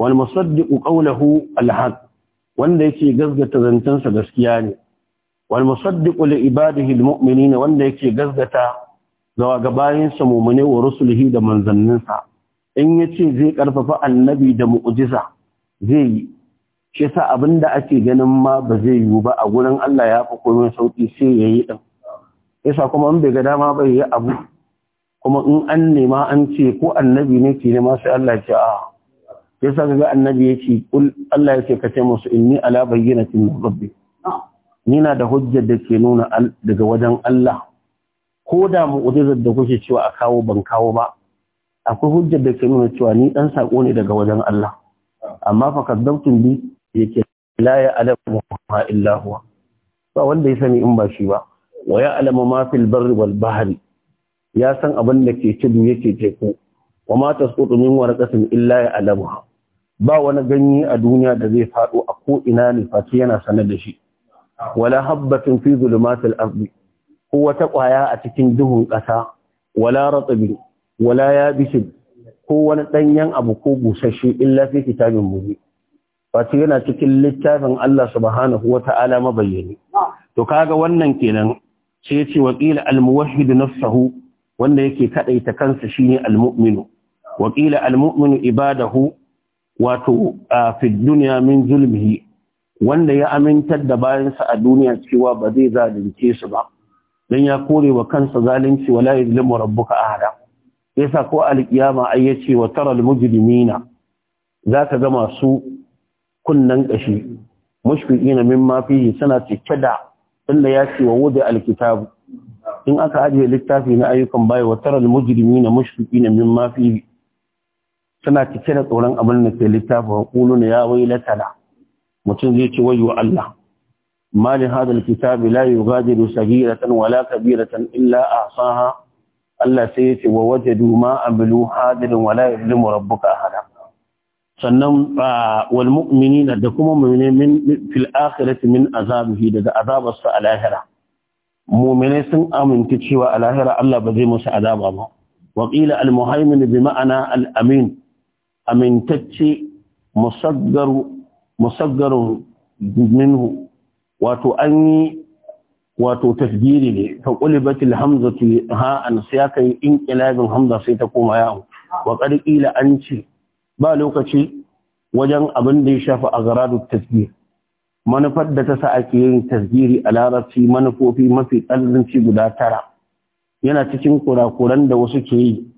wal musaddiqu qawluhu al haqq wanda yake gazgata zantansa gaskiya ne wal musaddiqu li ibadihi al mu'minin wanda yake gazgata zawa ga sa mu'mine wa rusulihi da manzanninsa in yace zai karfafa annabi da mu'jiza zai yi shi sa abinda ake ganin ma ba zai yiwu ba a gurin Allah ya fi komai sauki sai yayi din yasa kuma in bai ga dama bai yi abu kuma in an nema an ce ko annabi ne ke nema sai Allah ya ce a'a yasa kaga annabi yace kul Allah yake kace musu inni ala bayyinatin min rabbi ah. ni na da hujjar da ke nuna daga wajen Allah ko da mu'jizar da kuke cewa a kawo ban kawo ba akwai hujjar da ke nuna cewa ni dan sako ne daga wajen Allah amma fa kadabtum bi yake la ya alamu ma illa huwa ba wanda ya sani in ba shi ba wa ya alamu ma fil barri wal bahri ya san abin da ke tudu yake teku wa ma tasqutu min warqatin illa ya alamuha ba wani ganye a duniya da zai faɗo a ko'ina ne face yana sane da shi wala habbatin fi zulumatil ardi ko wata ƙwaya a cikin duhun ƙasa wala ratsabi wala yabisin ko wani ɗanyen abu ko busasshe illa fi kitabin mubin Fati yana cikin littafin Allah subhanahu wata'ala mabayyani to kaga wannan kenan sai yace waqila almuwahhid nafsahu wanda yake kaɗaita kansa shine almu'minu waqila almu'minu ibadahu wato a fi duniya min zulmihi wanda ya amintar da bayansa a duniya cewa ba zai zalunce su ba don ya kore wa kansa zalunci wala yuzlimu rabbuka ahada yasa ko alkiyama ai yace wa taral mujrimina ka ga masu kunnan kashi mushfiqina mimma fihi suna cike da inda yace wa wudi alkitab in aka ajiye littafi na ayyukan bayi wa taral mujrimina mushfiqina mimma fihi tana cike da tsoron abin da ke littafi wa na ya wai latala mutum zai ci wayo Allah ma hadal kitabi la yughadiru saghiratan wala kabiratan illa ahsaha Allah sai ya ce wa wajadu ma amilu hadirin wala yuzlimu rabbuka ahada sannan wal mu'minina da kuma mu'mini min fil akhirati min azabihi daga azabar a lahira mu'mini sun aminta cewa a lahira Allah ba zai musu azaba ba bi ma'ana al amin amintacce musaggaru musaggarun minhu wato an yi wato tasgiri ne ta ƙulibatil hamzatu ha'an sai aka yi inƙilabin hamza sai ta koma yawon wa ƙarƙila an ce ba lokaci wajen abin da ya shafa a zaradu tasgir manufar da ta sa ake yin tasbiri, a larabci manufofi mafi ƙallanci guda tara yana cikin kurakuran da wasu ke yi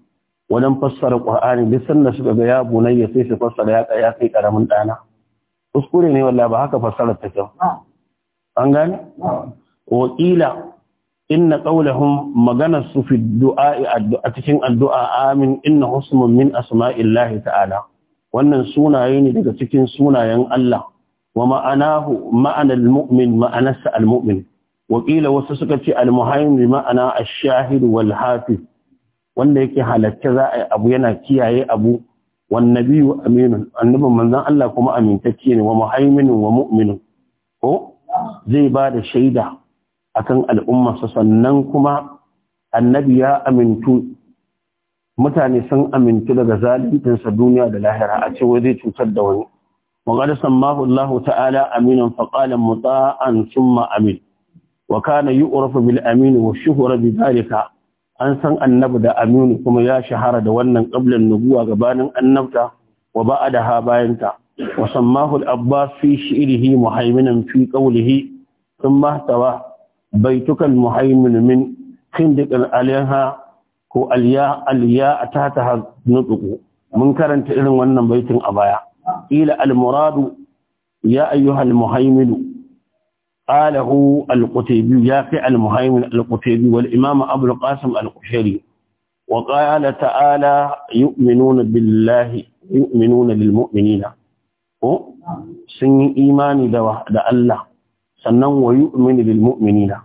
wajen fassara ƙur'ani, duk sanda suka ga ya bunayya sai su fassara ya kai kai karamin ɗana kuskure ne wallahi ba haka fassara ta kyau an gane wa qila inna qawlahum magana su fi du'a a cikin addu'a amin inna husmun min asma'illahi ta'ala wannan sunaye ne daga cikin sunayen Allah wa ma'anahu ma'anal almumin ma'anasa al wa wasu suka ce al ma'ana ash-shahid wal hafiz wanda yake halacce za a yi abu yana kiyaye abu wan Aminu. aminun annabin manzon Allah kuma amintacce ne wa muhaiminin wa muminin? ko zai ba da shaida akan al'ummarsa sannan kuma annabi ya amintu mutane sun amintu daga zaluntinsa duniya da lahira a cewa zai cutar da wani وقد سماه الله تعالى أمينا فقال مطاعا ثم أمين وكان يؤرف بالأمين والشهرة بذلك an san Annabu da aminu kuma ya shahara da wannan qablan nubuwa gabanin annabta wa ba'adaha da ha bayanta al-abbas fi shi'rihi muhaiminan fi qawlihi thumma tawa baitukan muhaimin min khindiqan alaiha ko aliya aliya atataha nutqu mun karanta irin wannan baitin a baya ila al-muradu ya ayyuha al-muhaimidu قاله القتيبي يا في المهيمن القتيبي والإمام أبو القاسم القشيري وقال تعالى يؤمنون بالله يؤمنون للمؤمنين sun yi imani da Allah sannan wa yu'minu lil mu'minina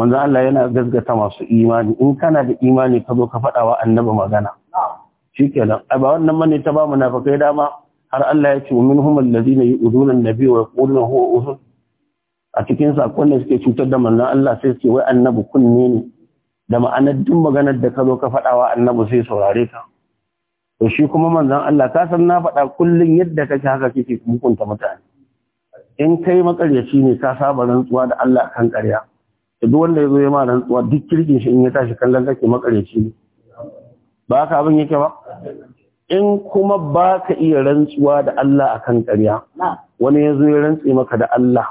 manzo Allah yana gaskata masu imani in kana da imani ka ka faɗa wa annabi magana shikenan ai ba wannan mane ta ba munafikai dama har Allah ya ce minhum alladhina yu'dhuna udunan nabiy a cikin sakon da suke cutar da manzon Allah sai suke wai annabi kunne ne da ma'anar duk maganar da ka zo ka faɗawa annabi sai saurare ka to shi kuma manzon Allah ka san na faɗa kullun yadda kake haka kike hukunta mutane in kai makaryaci ne ka saba rantsuwa da Allah kan ƙarya da duk wanda ya zo ya ma rantsuwa duk kirkin shi in ya tashi kallon kake makaryaci ne ba ka abin yake ba in kuma ba ka iya rantsuwa da Allah akan ƙarya wani ya zo ya rantse maka da Allah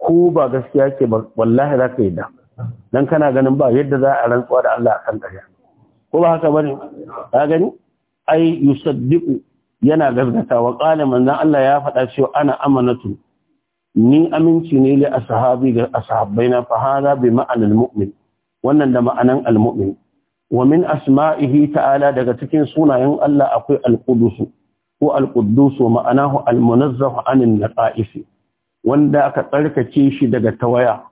ko ba gaskiya ke ba wallahi za ka yi da dan kana ganin ba yadda za a rantsuwa da Allah kan ƙarya ko ba haka bane ka gani ai yusaddiqu yana gaskata wa qala manzon Allah ya faɗa cewa ana amanatu ni aminci ne li ashabi ga ashabbaina fa hada bi ma'anal mu'min wannan da ma'anan al-mu'min wa min asma'ihi ta'ala daga cikin sunayen Allah akwai al-qudus ko al-quddus ma'anahu al-munazzah 'anil naqa'isi wanda aka tsarkake shi daga tawaya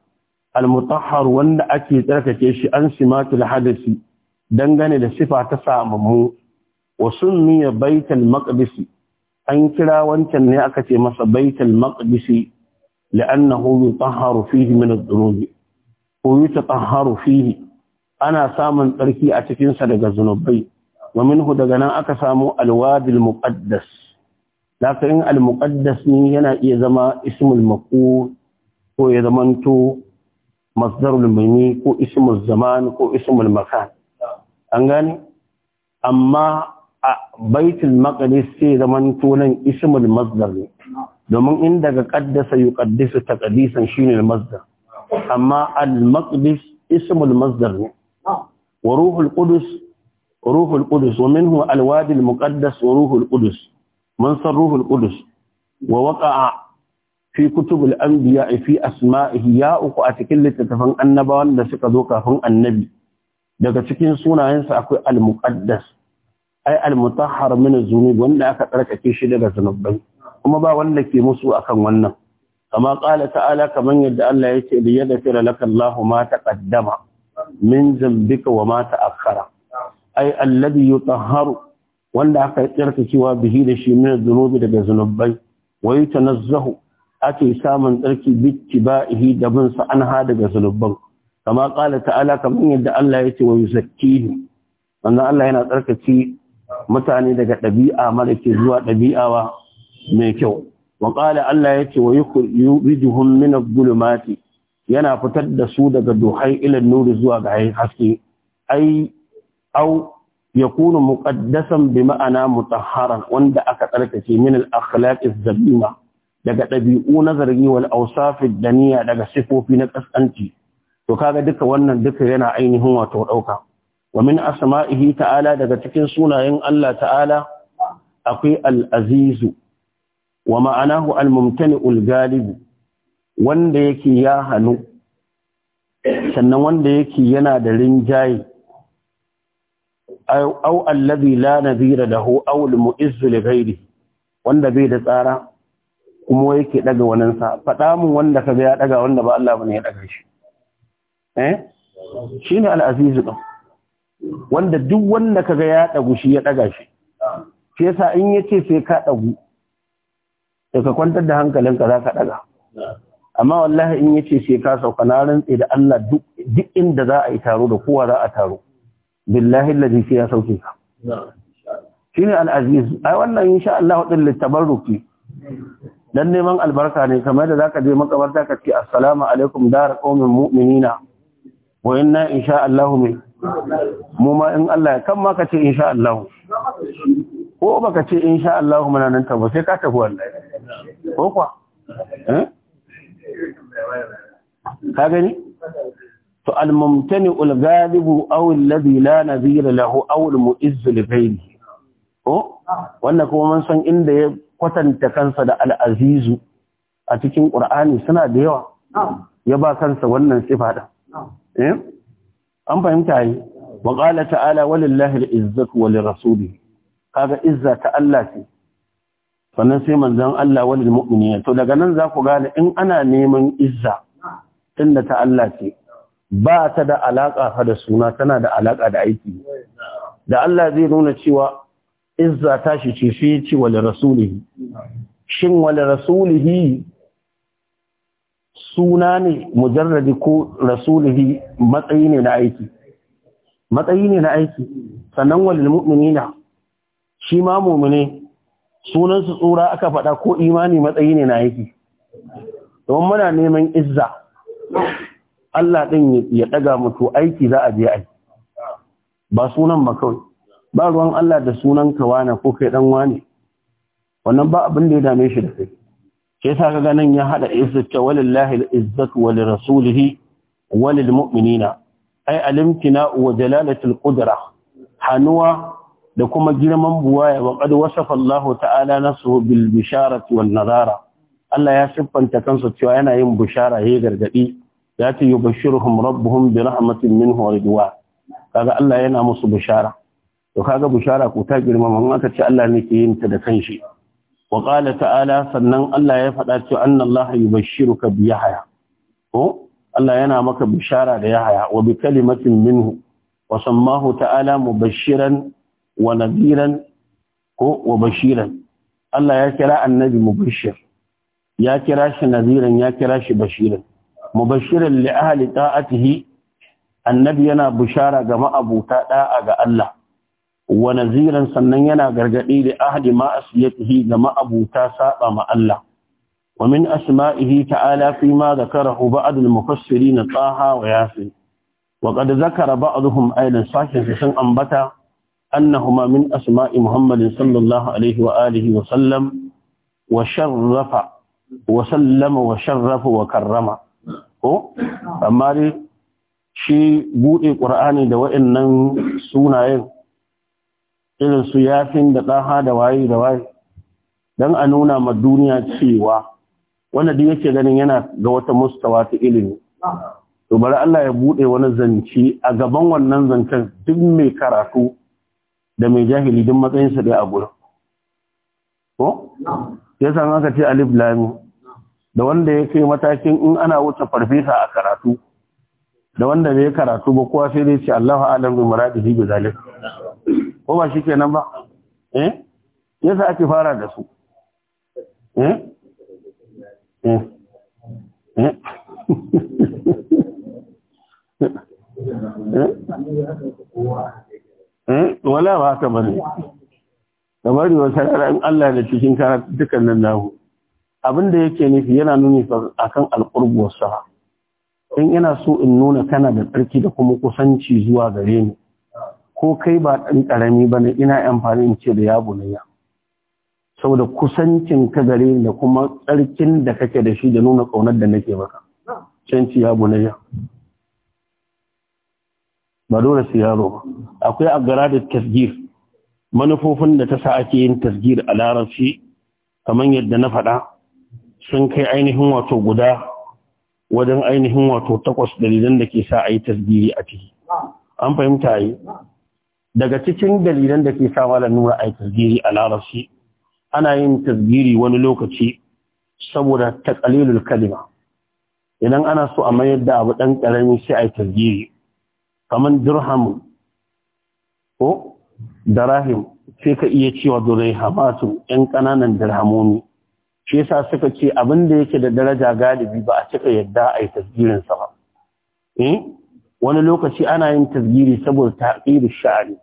al-mutahhar wanda ake tsarkake shi an simatul hadisi dangane da sifa ta samammu wa sunniya baitul maqdis an kira wancan ne aka ce masa baitul maqdis لأنه يطهر فيه من الذنوب ويتطهر فيه cikinsa daga تركي أتكين daga nan aka samo أكسام الوادي المقدس Laka al-muqaddas ne yana iya zama ismul maqul ko ya zamanto masdarul mani ko ismul zaman ko ismul makan. An gane? Amma a baitul maqdis sai zamanto nan ismul masdar ne. Domin in daga qaddasa yuqaddisu taqdisan shine al-masdar. Amma al-maqdis ismul masdar ne. Wa ruhul qudus ruhul qudus wa minhu al-wadi al-muqaddas wa ruhul qudus. mun san ruhul qudus wa waqa'a fi kutubul anbiya fi asma'ihi ya uku a cikin littattafan annabawan da suka zo kafin annabi daga cikin sunayensa akwai al-muqaddas ai al-mutahhar min az-zunub wanda aka tsarkake shi daga zunubai kuma ba wanda ke musu akan wannan kama qala ala kamar yadda Allah yace da yaghfira laka Allahu ma taqaddama min zambika wa ma ta'akhkhara ai alladhi yutahharu wanda aka yi tsarkakewa bihi da shi min zunubi daga zunubai wa yutanazzahu ake samun tsarki bittibahi da bin sa anha daga zunuban kama qala ta'ala kamar yadda Allah yace wa ne? wannan Allah yana tsarkake mutane daga ɗabi'a mara ke zuwa ɗabi'a mai kyau wa qala Allah yace wa yukhrijuhum min adh gulmati? yana fitar da su daga duhai ilan nuri zuwa ga haske ai au kuna muƙaddasan bi ma'ana mutahharan wanda aka tsarkake min al-akhlaq az-zabima daga ɗabi'u na zargi wal awsaf daniya daga sifofi na kaskanci to kaga duka wannan duka yana ainihin wato dauka wa min asma'ihi ta'ala daga cikin sunayen Allah ta'ala akwai al-aziz wa ma'anahu al-mumtani'ul wanda yake ya hanu sannan wanda yake yana da rinjaye au allazi la nadira lahu aw al mu'izz wanda bai da tsara kuma yake daga wannan sa fada mun wanda ka ya daga wanda ba Allah bane ya daga shi eh shine al aziz din wanda duk wanda kaga ya dagu shi ya daga shi sai sa in yace sai ka dagu sai ka kwantar da hankalinka za ka daga amma wallahi in yace sai ka sauka na rantsi da Allah duk inda za a yi taro da kowa za a taro billahi allazi sai ya sauke ka shine al-aziz ai wannan insha Allah din litabarruki dan neman albarka ne kamar da zaka je makabarta ka ce assalamu alaikum dar qaumin mu'minina wa inna insha Allah mai mu ma in Allah kan ma ka ce insha Allah ko baka ce insha Allah muna nan ta ba sai ka tafi wallahi ko kwa eh ka gani to al-mumtani al-ghalibu aw alladhi la nadhira lahu aw al-mu'izz li wannan kuma mun san inda ya kwatanta kansa da al-azizu a cikin qur'ani suna da yawa ya ba kansa wannan sifa da eh an fahimta yi wa qala ta'ala walillahi al-izzatu wa lirasulihi kaga izza ta Allah ce sannan sai manzon Allah walil mu'minin to daga nan za ku gane in ana neman izza tunda ta Allah ce ba ta da alaƙa fa da suna tana da alaƙa da aiki da Allah zai nuna cewa izza tashi ce shi ya ce wal rasulihi shin wal rasulihi suna ne mujarradi ko rasulihi matsayi ne na aiki matsayi ne na aiki sannan wal mu'minina shi ma mu'mine sunan su tsura aka faɗa ko imani matsayi ne na aiki don muna neman izza Allah ɗin ya ɗaga mutu aiki za a je aiki ba sunan ba kawai ba ruwan Allah da sunan ka wane ko kai ɗan wane wannan ba abin da ya dame shi da kai ke sa ka ganin ya haɗa izzata walillahi izzatu wa lirasulihi wa lilmu'minina ai alimtina wa jalalatul qudra hanuwa da kuma girman buwaya wa qad wasafa Allah ta'ala nasu bil bisharati wan nadara Allah ya siffanta kansa cewa yana yin bishara yayin gargadi ya ce yi bashiruhum rabbuhum bi rahmatin minhu wa ridwa kaga Allah yana musu bishara to kaga bishara ko ta girmama in aka ce Allah ne ke yin ta da kanshi wa qala ta'ala sannan Allah ya faɗa cewa anna Allah yubashshiruka bi yahya ko Allah yana maka bishara da yahya wa bi kalimatin minhu wa sammahu ta'ala mubashiran wa nadiran ko wa bashiran Allah ya kira annabi mubashir ya kira shi nadiran ya kira shi bashiran mubashirin li ahli ta'atihi annabi yana bishara ga ma'abuta da'a ga Allah wa naziran sannan yana gargadi da ahli ma'asiyatihi ga ma'abuta saba ma Allah wa min asma'ihi ta'ala fi ma zakarahu ba'd al-mufassirin Taha wa Yasin wa qad zakara ba'dhum aidan sakin sun ambata annahuma min asma'i Muhammadin sallallahu alaihi wa alihi wa sallam wa sharrafa wa sallama wa sharrafa wa karrama ko amma dai shi buɗe ƙur'ani da waɗannan sunayen irin su yafin da ɗaha da waye da waye don a nuna ma duniya cewa wanda duk yake ganin yana ga wata mustawa ta ilimi to bari Allah ya buɗe wani zance a gaban wannan zancen duk mai karatu da mai jahili duk matsayinsa dai a gurin ko yasa aka ce alif lami da wanda ya kai matakin in ana wuce farfesa a karatu da wanda bai karatu ba kowa sai dai ce Allahu a'lam bi muradihi bi zalik ko ba shi kenan ba eh yasa ake fara da su eh eh eh eh? eh wala ba haka bane kamar yau sai Allah da cikin karatu dukkan nan nahu. abin da yake nufi yana nuni akan alqurbu wasaha in ina so in nuna kana da tsarki da kuma kusanci zuwa gare ni ko kai ba ɗan ƙarami ba ne ina amfani in ce da ya bunayya saboda kusancin ka gare ni da kuma tsarkin da kake da shi da nuna ƙaunar da nake maka canci ya bunayya ba dole su yaro ba akwai a da tasgir manufofin da ta sa ake yin tasgir a larabci kamar yadda na faɗa sun kai ainihin wato guda wajen ainihin wato takwas dalilan da ke sa a yi tasbiri a ciki an fahimta yi daga cikin dalilan da ke sa malam nura a yi tasbiri a larabci ana yin tasbiri wani lokaci saboda takalilul kalima idan ana so a mayar da abu ɗan ƙarami sai a yi tasbiri kamar dirham ko darahim sai ka iya cewa hamatu yan ƙananan dirhamoni shi yasa suka ce abin da yake da daraja galibi ba a cika yadda a yi tasgirin ba eh wani lokaci ana yin tasgiri saboda ta'qir sha'ani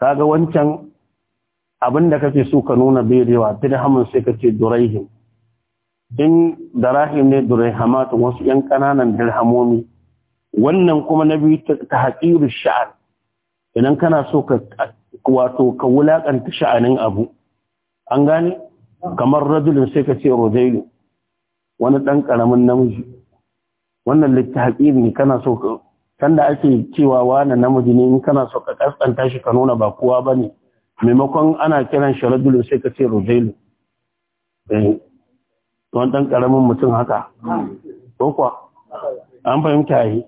kaga wancan abin da kake so ka nuna bai rewa dirhamin sai kace ce din darahim ne duraihamat wasu yan kananan dirhamomi wannan kuma na biyu ta haƙiru sha'an idan kana so ka wato ka wulaƙanta sha'anin abu an gane kamar rajulun sai ka ce rojailu wani ɗan ƙaramin namiji wannan littafi ne kana so ka sanda ake cewa wani namiji ne in kana so ka ƙasƙanta shi ka nuna ba kowa ba ne maimakon ana kiran shi rajulun sai ka ce rojailu eh, wani ɗan ƙaramin mutum haka ko kuwa an fahimta yi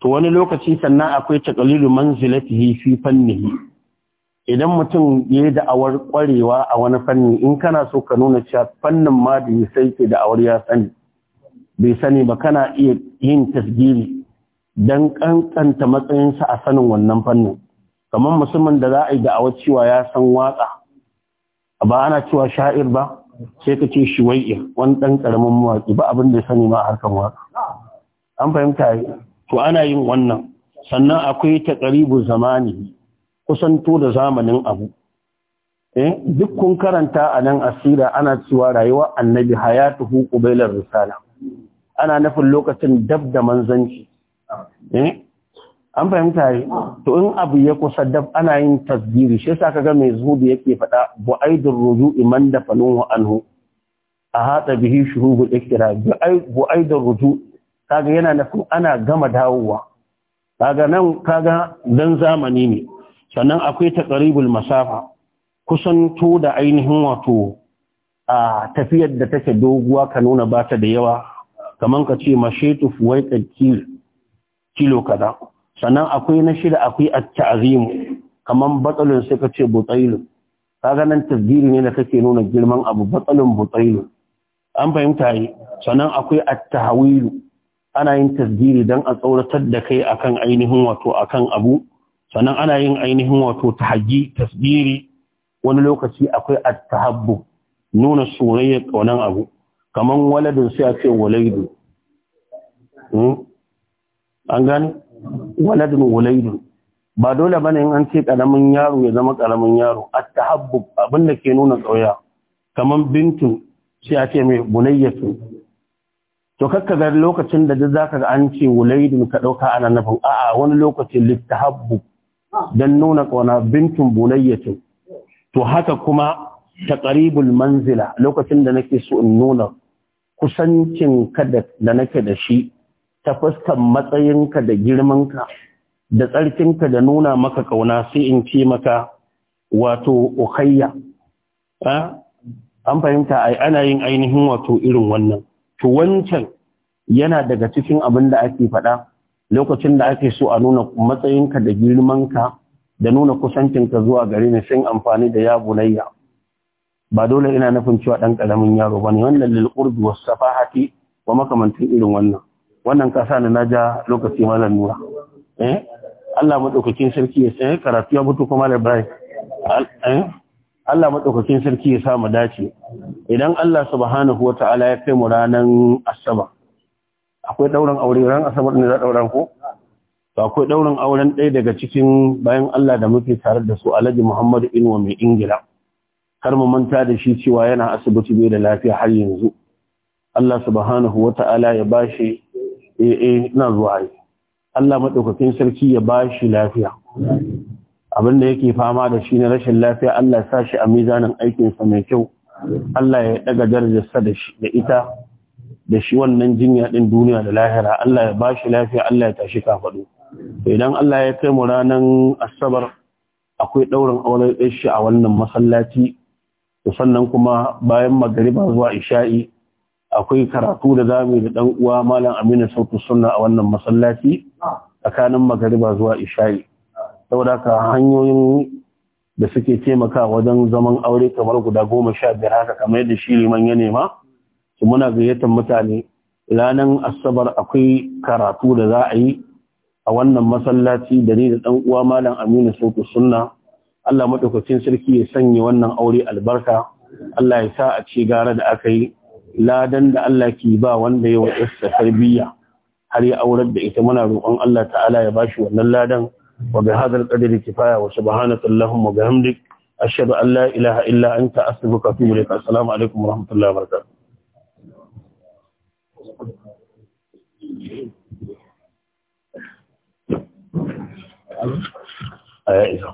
to wani lokaci sannan akwai takalilu manzilatihi fi fannihi idan mutum ya yi da'awar kwarewa a wani fanni in kana so ka nuna cewa fannin ma da ya sai ke da'awar ya sani bai sani ba kana iya yin tasgiri don kankanta matsayinsa a sanin wannan fannin kamar musamman da za a yi da'awar cewa ya san watsa ba ana cewa sha'ir ba sai ka ce shi wani ɗan ƙaramin mawaki ba abin da ya sani ma a harkar watsa. an fahimta to ana yin wannan sannan akwai ta zamani kusanto da zamanin abu eh duk kun karanta a nan asira ana cewa rayuwa annabi hayatuhu qubailar risala ana nufin lokacin dab da manzanci eh an fahimta yi to in abu ya kusa dab ana yin tasbiri shi yasa kaga mai zuhudu yake faɗa bu'aidur Ruju iman da wa anhu a hata bihi shuhubul ikra bu'aidur ruju kaga yana nufin ana gama dawowa kaga nan kaga dan zamani ne sannan akwai taqribul masafa kusanto da ainihin wato a tafiyar da take doguwa ka nuna ba ta da yawa kaman ka ce mashetu fuwaiqat kilo kaza sannan akwai na shida akwai at-ta'zimu kaman batsalin sai ka ce butsailu. kaga nan tasdiri ne da kake nuna girman abu batsalin butsailu an fahimta yi sannan akwai at-tahwilu ana yin tasdiri dan a tsoratar da kai akan ainihin wato akan abu sannan ana yin ainihin wato tahajji tasbiri wani lokaci akwai at-tahabbu nuna soyayya kaunan abu kaman waladin sai a ce walaidu hmm? an gani waladin walaidu ba dole bane in an ce karamin yaro ya zama karamin yaro at-tahabbu abin da ke nuna tsoya kaman bintu sai a ce mai bunayyatu to kakka ga lokacin da duk zaka ga an ce wulaidin ka dauka ana nufin a'a wani lokacin littahabbu don nuna ƙauna bintun bunayyacin to haka kuma ta ƙaribul manzila lokacin da nake so in nuna kusancin ka da nake da shi ta fuskan matsayinka da girmanka da tsarkinka da nuna maka ƙauna sai in ce maka wato ukhayya an fahimta ai ana yin ainihin wato irin wannan to wancan yana daga cikin abin da ake faɗa lokacin da ake so a nuna matsayinka da girmanka da nuna kusancinka zuwa gare ni sun amfani da ya bulayya ba dole ina nufin cewa ɗan ƙaramin yaro ba ne wannan lil wasu was safahati wa makamantin irin wannan wannan kasa ne naja lokaci malar nura eh Allah maɗaukakin sarki ya sai eh, karatu ya mutu kuma da eh Allah maɗaukakin sarki ya sa mu dace idan Allah subhanahu ta'ala ya kai mu ranar asaba akwai ɗaurin aure ran asabar ne za ɗauran ko to akwai ɗaurin auren ɗaya daga cikin bayan Allah da muke tare da su Alhaji Muhammadu Inuwa mai Ingila kar mu manta da shi cewa yana asibiti bai da lafiya har yanzu Allah subhanahu wata'ala ya bashi eh, eh ina zuwa yi Allah madaukakin sarki ya bashi lafiya abin da yake fama da shi na rashin lafiya Allah ya sa shi a mizanin aikinsa mai kyau Allah ya daga darajarsa da ita da shi wannan jinya din duniya da lahira Allah ya bashi lafiya Allah ya tashi kafaɗo, idan Allah ya kai mu ranan asabar akwai daurin auren shi a wannan masallaci sannan kuma bayan magariba zuwa isha'i akwai karatu da zamu da dan uwa malam Aminu Sautu Sunna a wannan masallaci tsakanin magariba zuwa isha'i saboda ka hanyoyin da suke taimaka wajen zaman aure kamar guda goma sha biyar haka kamar yadda shi liman ya nema muna gayyatar mutane ranar asabar akwai karatu da za a yi a wannan masallaci da ni da ɗan uwa malam aminu sauku sunna Allah maɗaukacin sarki ya sanya wannan aure albarka Allah ya sa a ce gara da aka yi ladan da Allah ke ba wanda ya wa'ista tarbiyya har ya aurar da ita muna roƙon Allah ta'ala ya bashi wannan ladan wa bi hadal qadri kifaya wa subhanaka allahumma wa bihamdik ashhadu an la ilaha illa anta astaghfiruka wa atubu ilaik assalamu alaikum wa rahmatullahi wa barakatuh Allô?